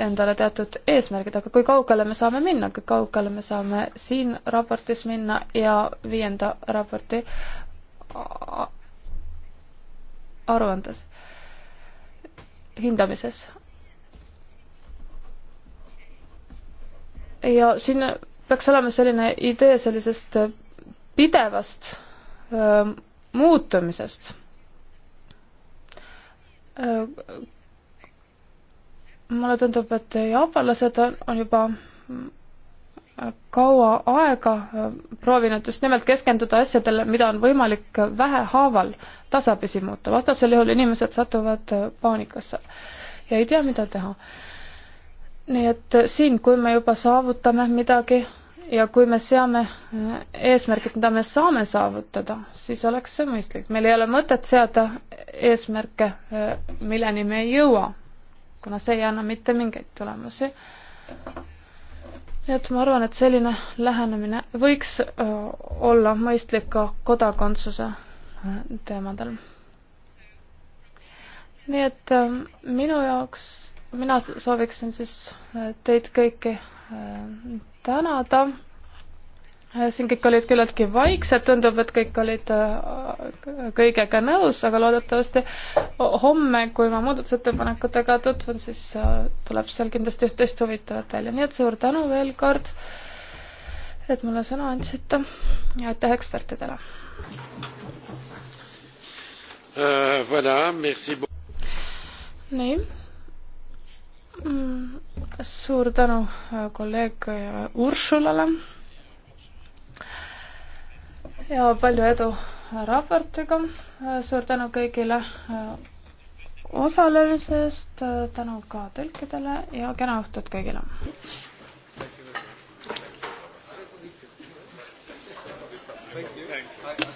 S2: endale teatud eesmärgid, aga kui kaugele me saame minna, kui kaugele me saame siin raportis minna ja viienda raporti aruandes, hindamises. ja siin peaks olema selline idee sellisest pidevast öö, muutumisest mulle tundub, et jaapanlased on, on juba kaua aega proovinud just nimelt keskenduda asjadele, mida on võimalik vähehaaval tasapisi muuta, vastasel juhul inimesed satuvad paanikasse ja ei tea, mida teha. nii et siin, kui me juba saavutame midagi ja kui me seame eesmärgid, mida me saame saavutada, siis oleks see mõistlik. meil ei ole mõtet seada eesmärke, milleni me ei jõua, kuna see ei anna mitte mingeid tulemusi. nii et ma arvan, et selline lähenemine võiks olla mõistlik ka kodakondsuse teemadel. nii et minu jaoks, mina sooviksin siis teid kõiki tänada Äh, siin kõik olid küllaltki vaiksed, tundub, et kõik olid äh, kõigega nõus, aga loodetavasti homme, kui ma muudatusettepanekutega tutvun, siis äh, tuleb seal kindlasti üht-teist huvitavat välja, nii et suur tänu veel kord, et mulle sõna andsite ja aitäh ekspertidele
S1: uh,! Voilà, merci
S2: nii mm,. suur tänu kolleeg Ursulale ja palju edu raportiga. suur tänu kõigile äh, osalemise eest, äh, tänu ka tõlkidele ja kena õhtut kõigile.
S1: Thank you.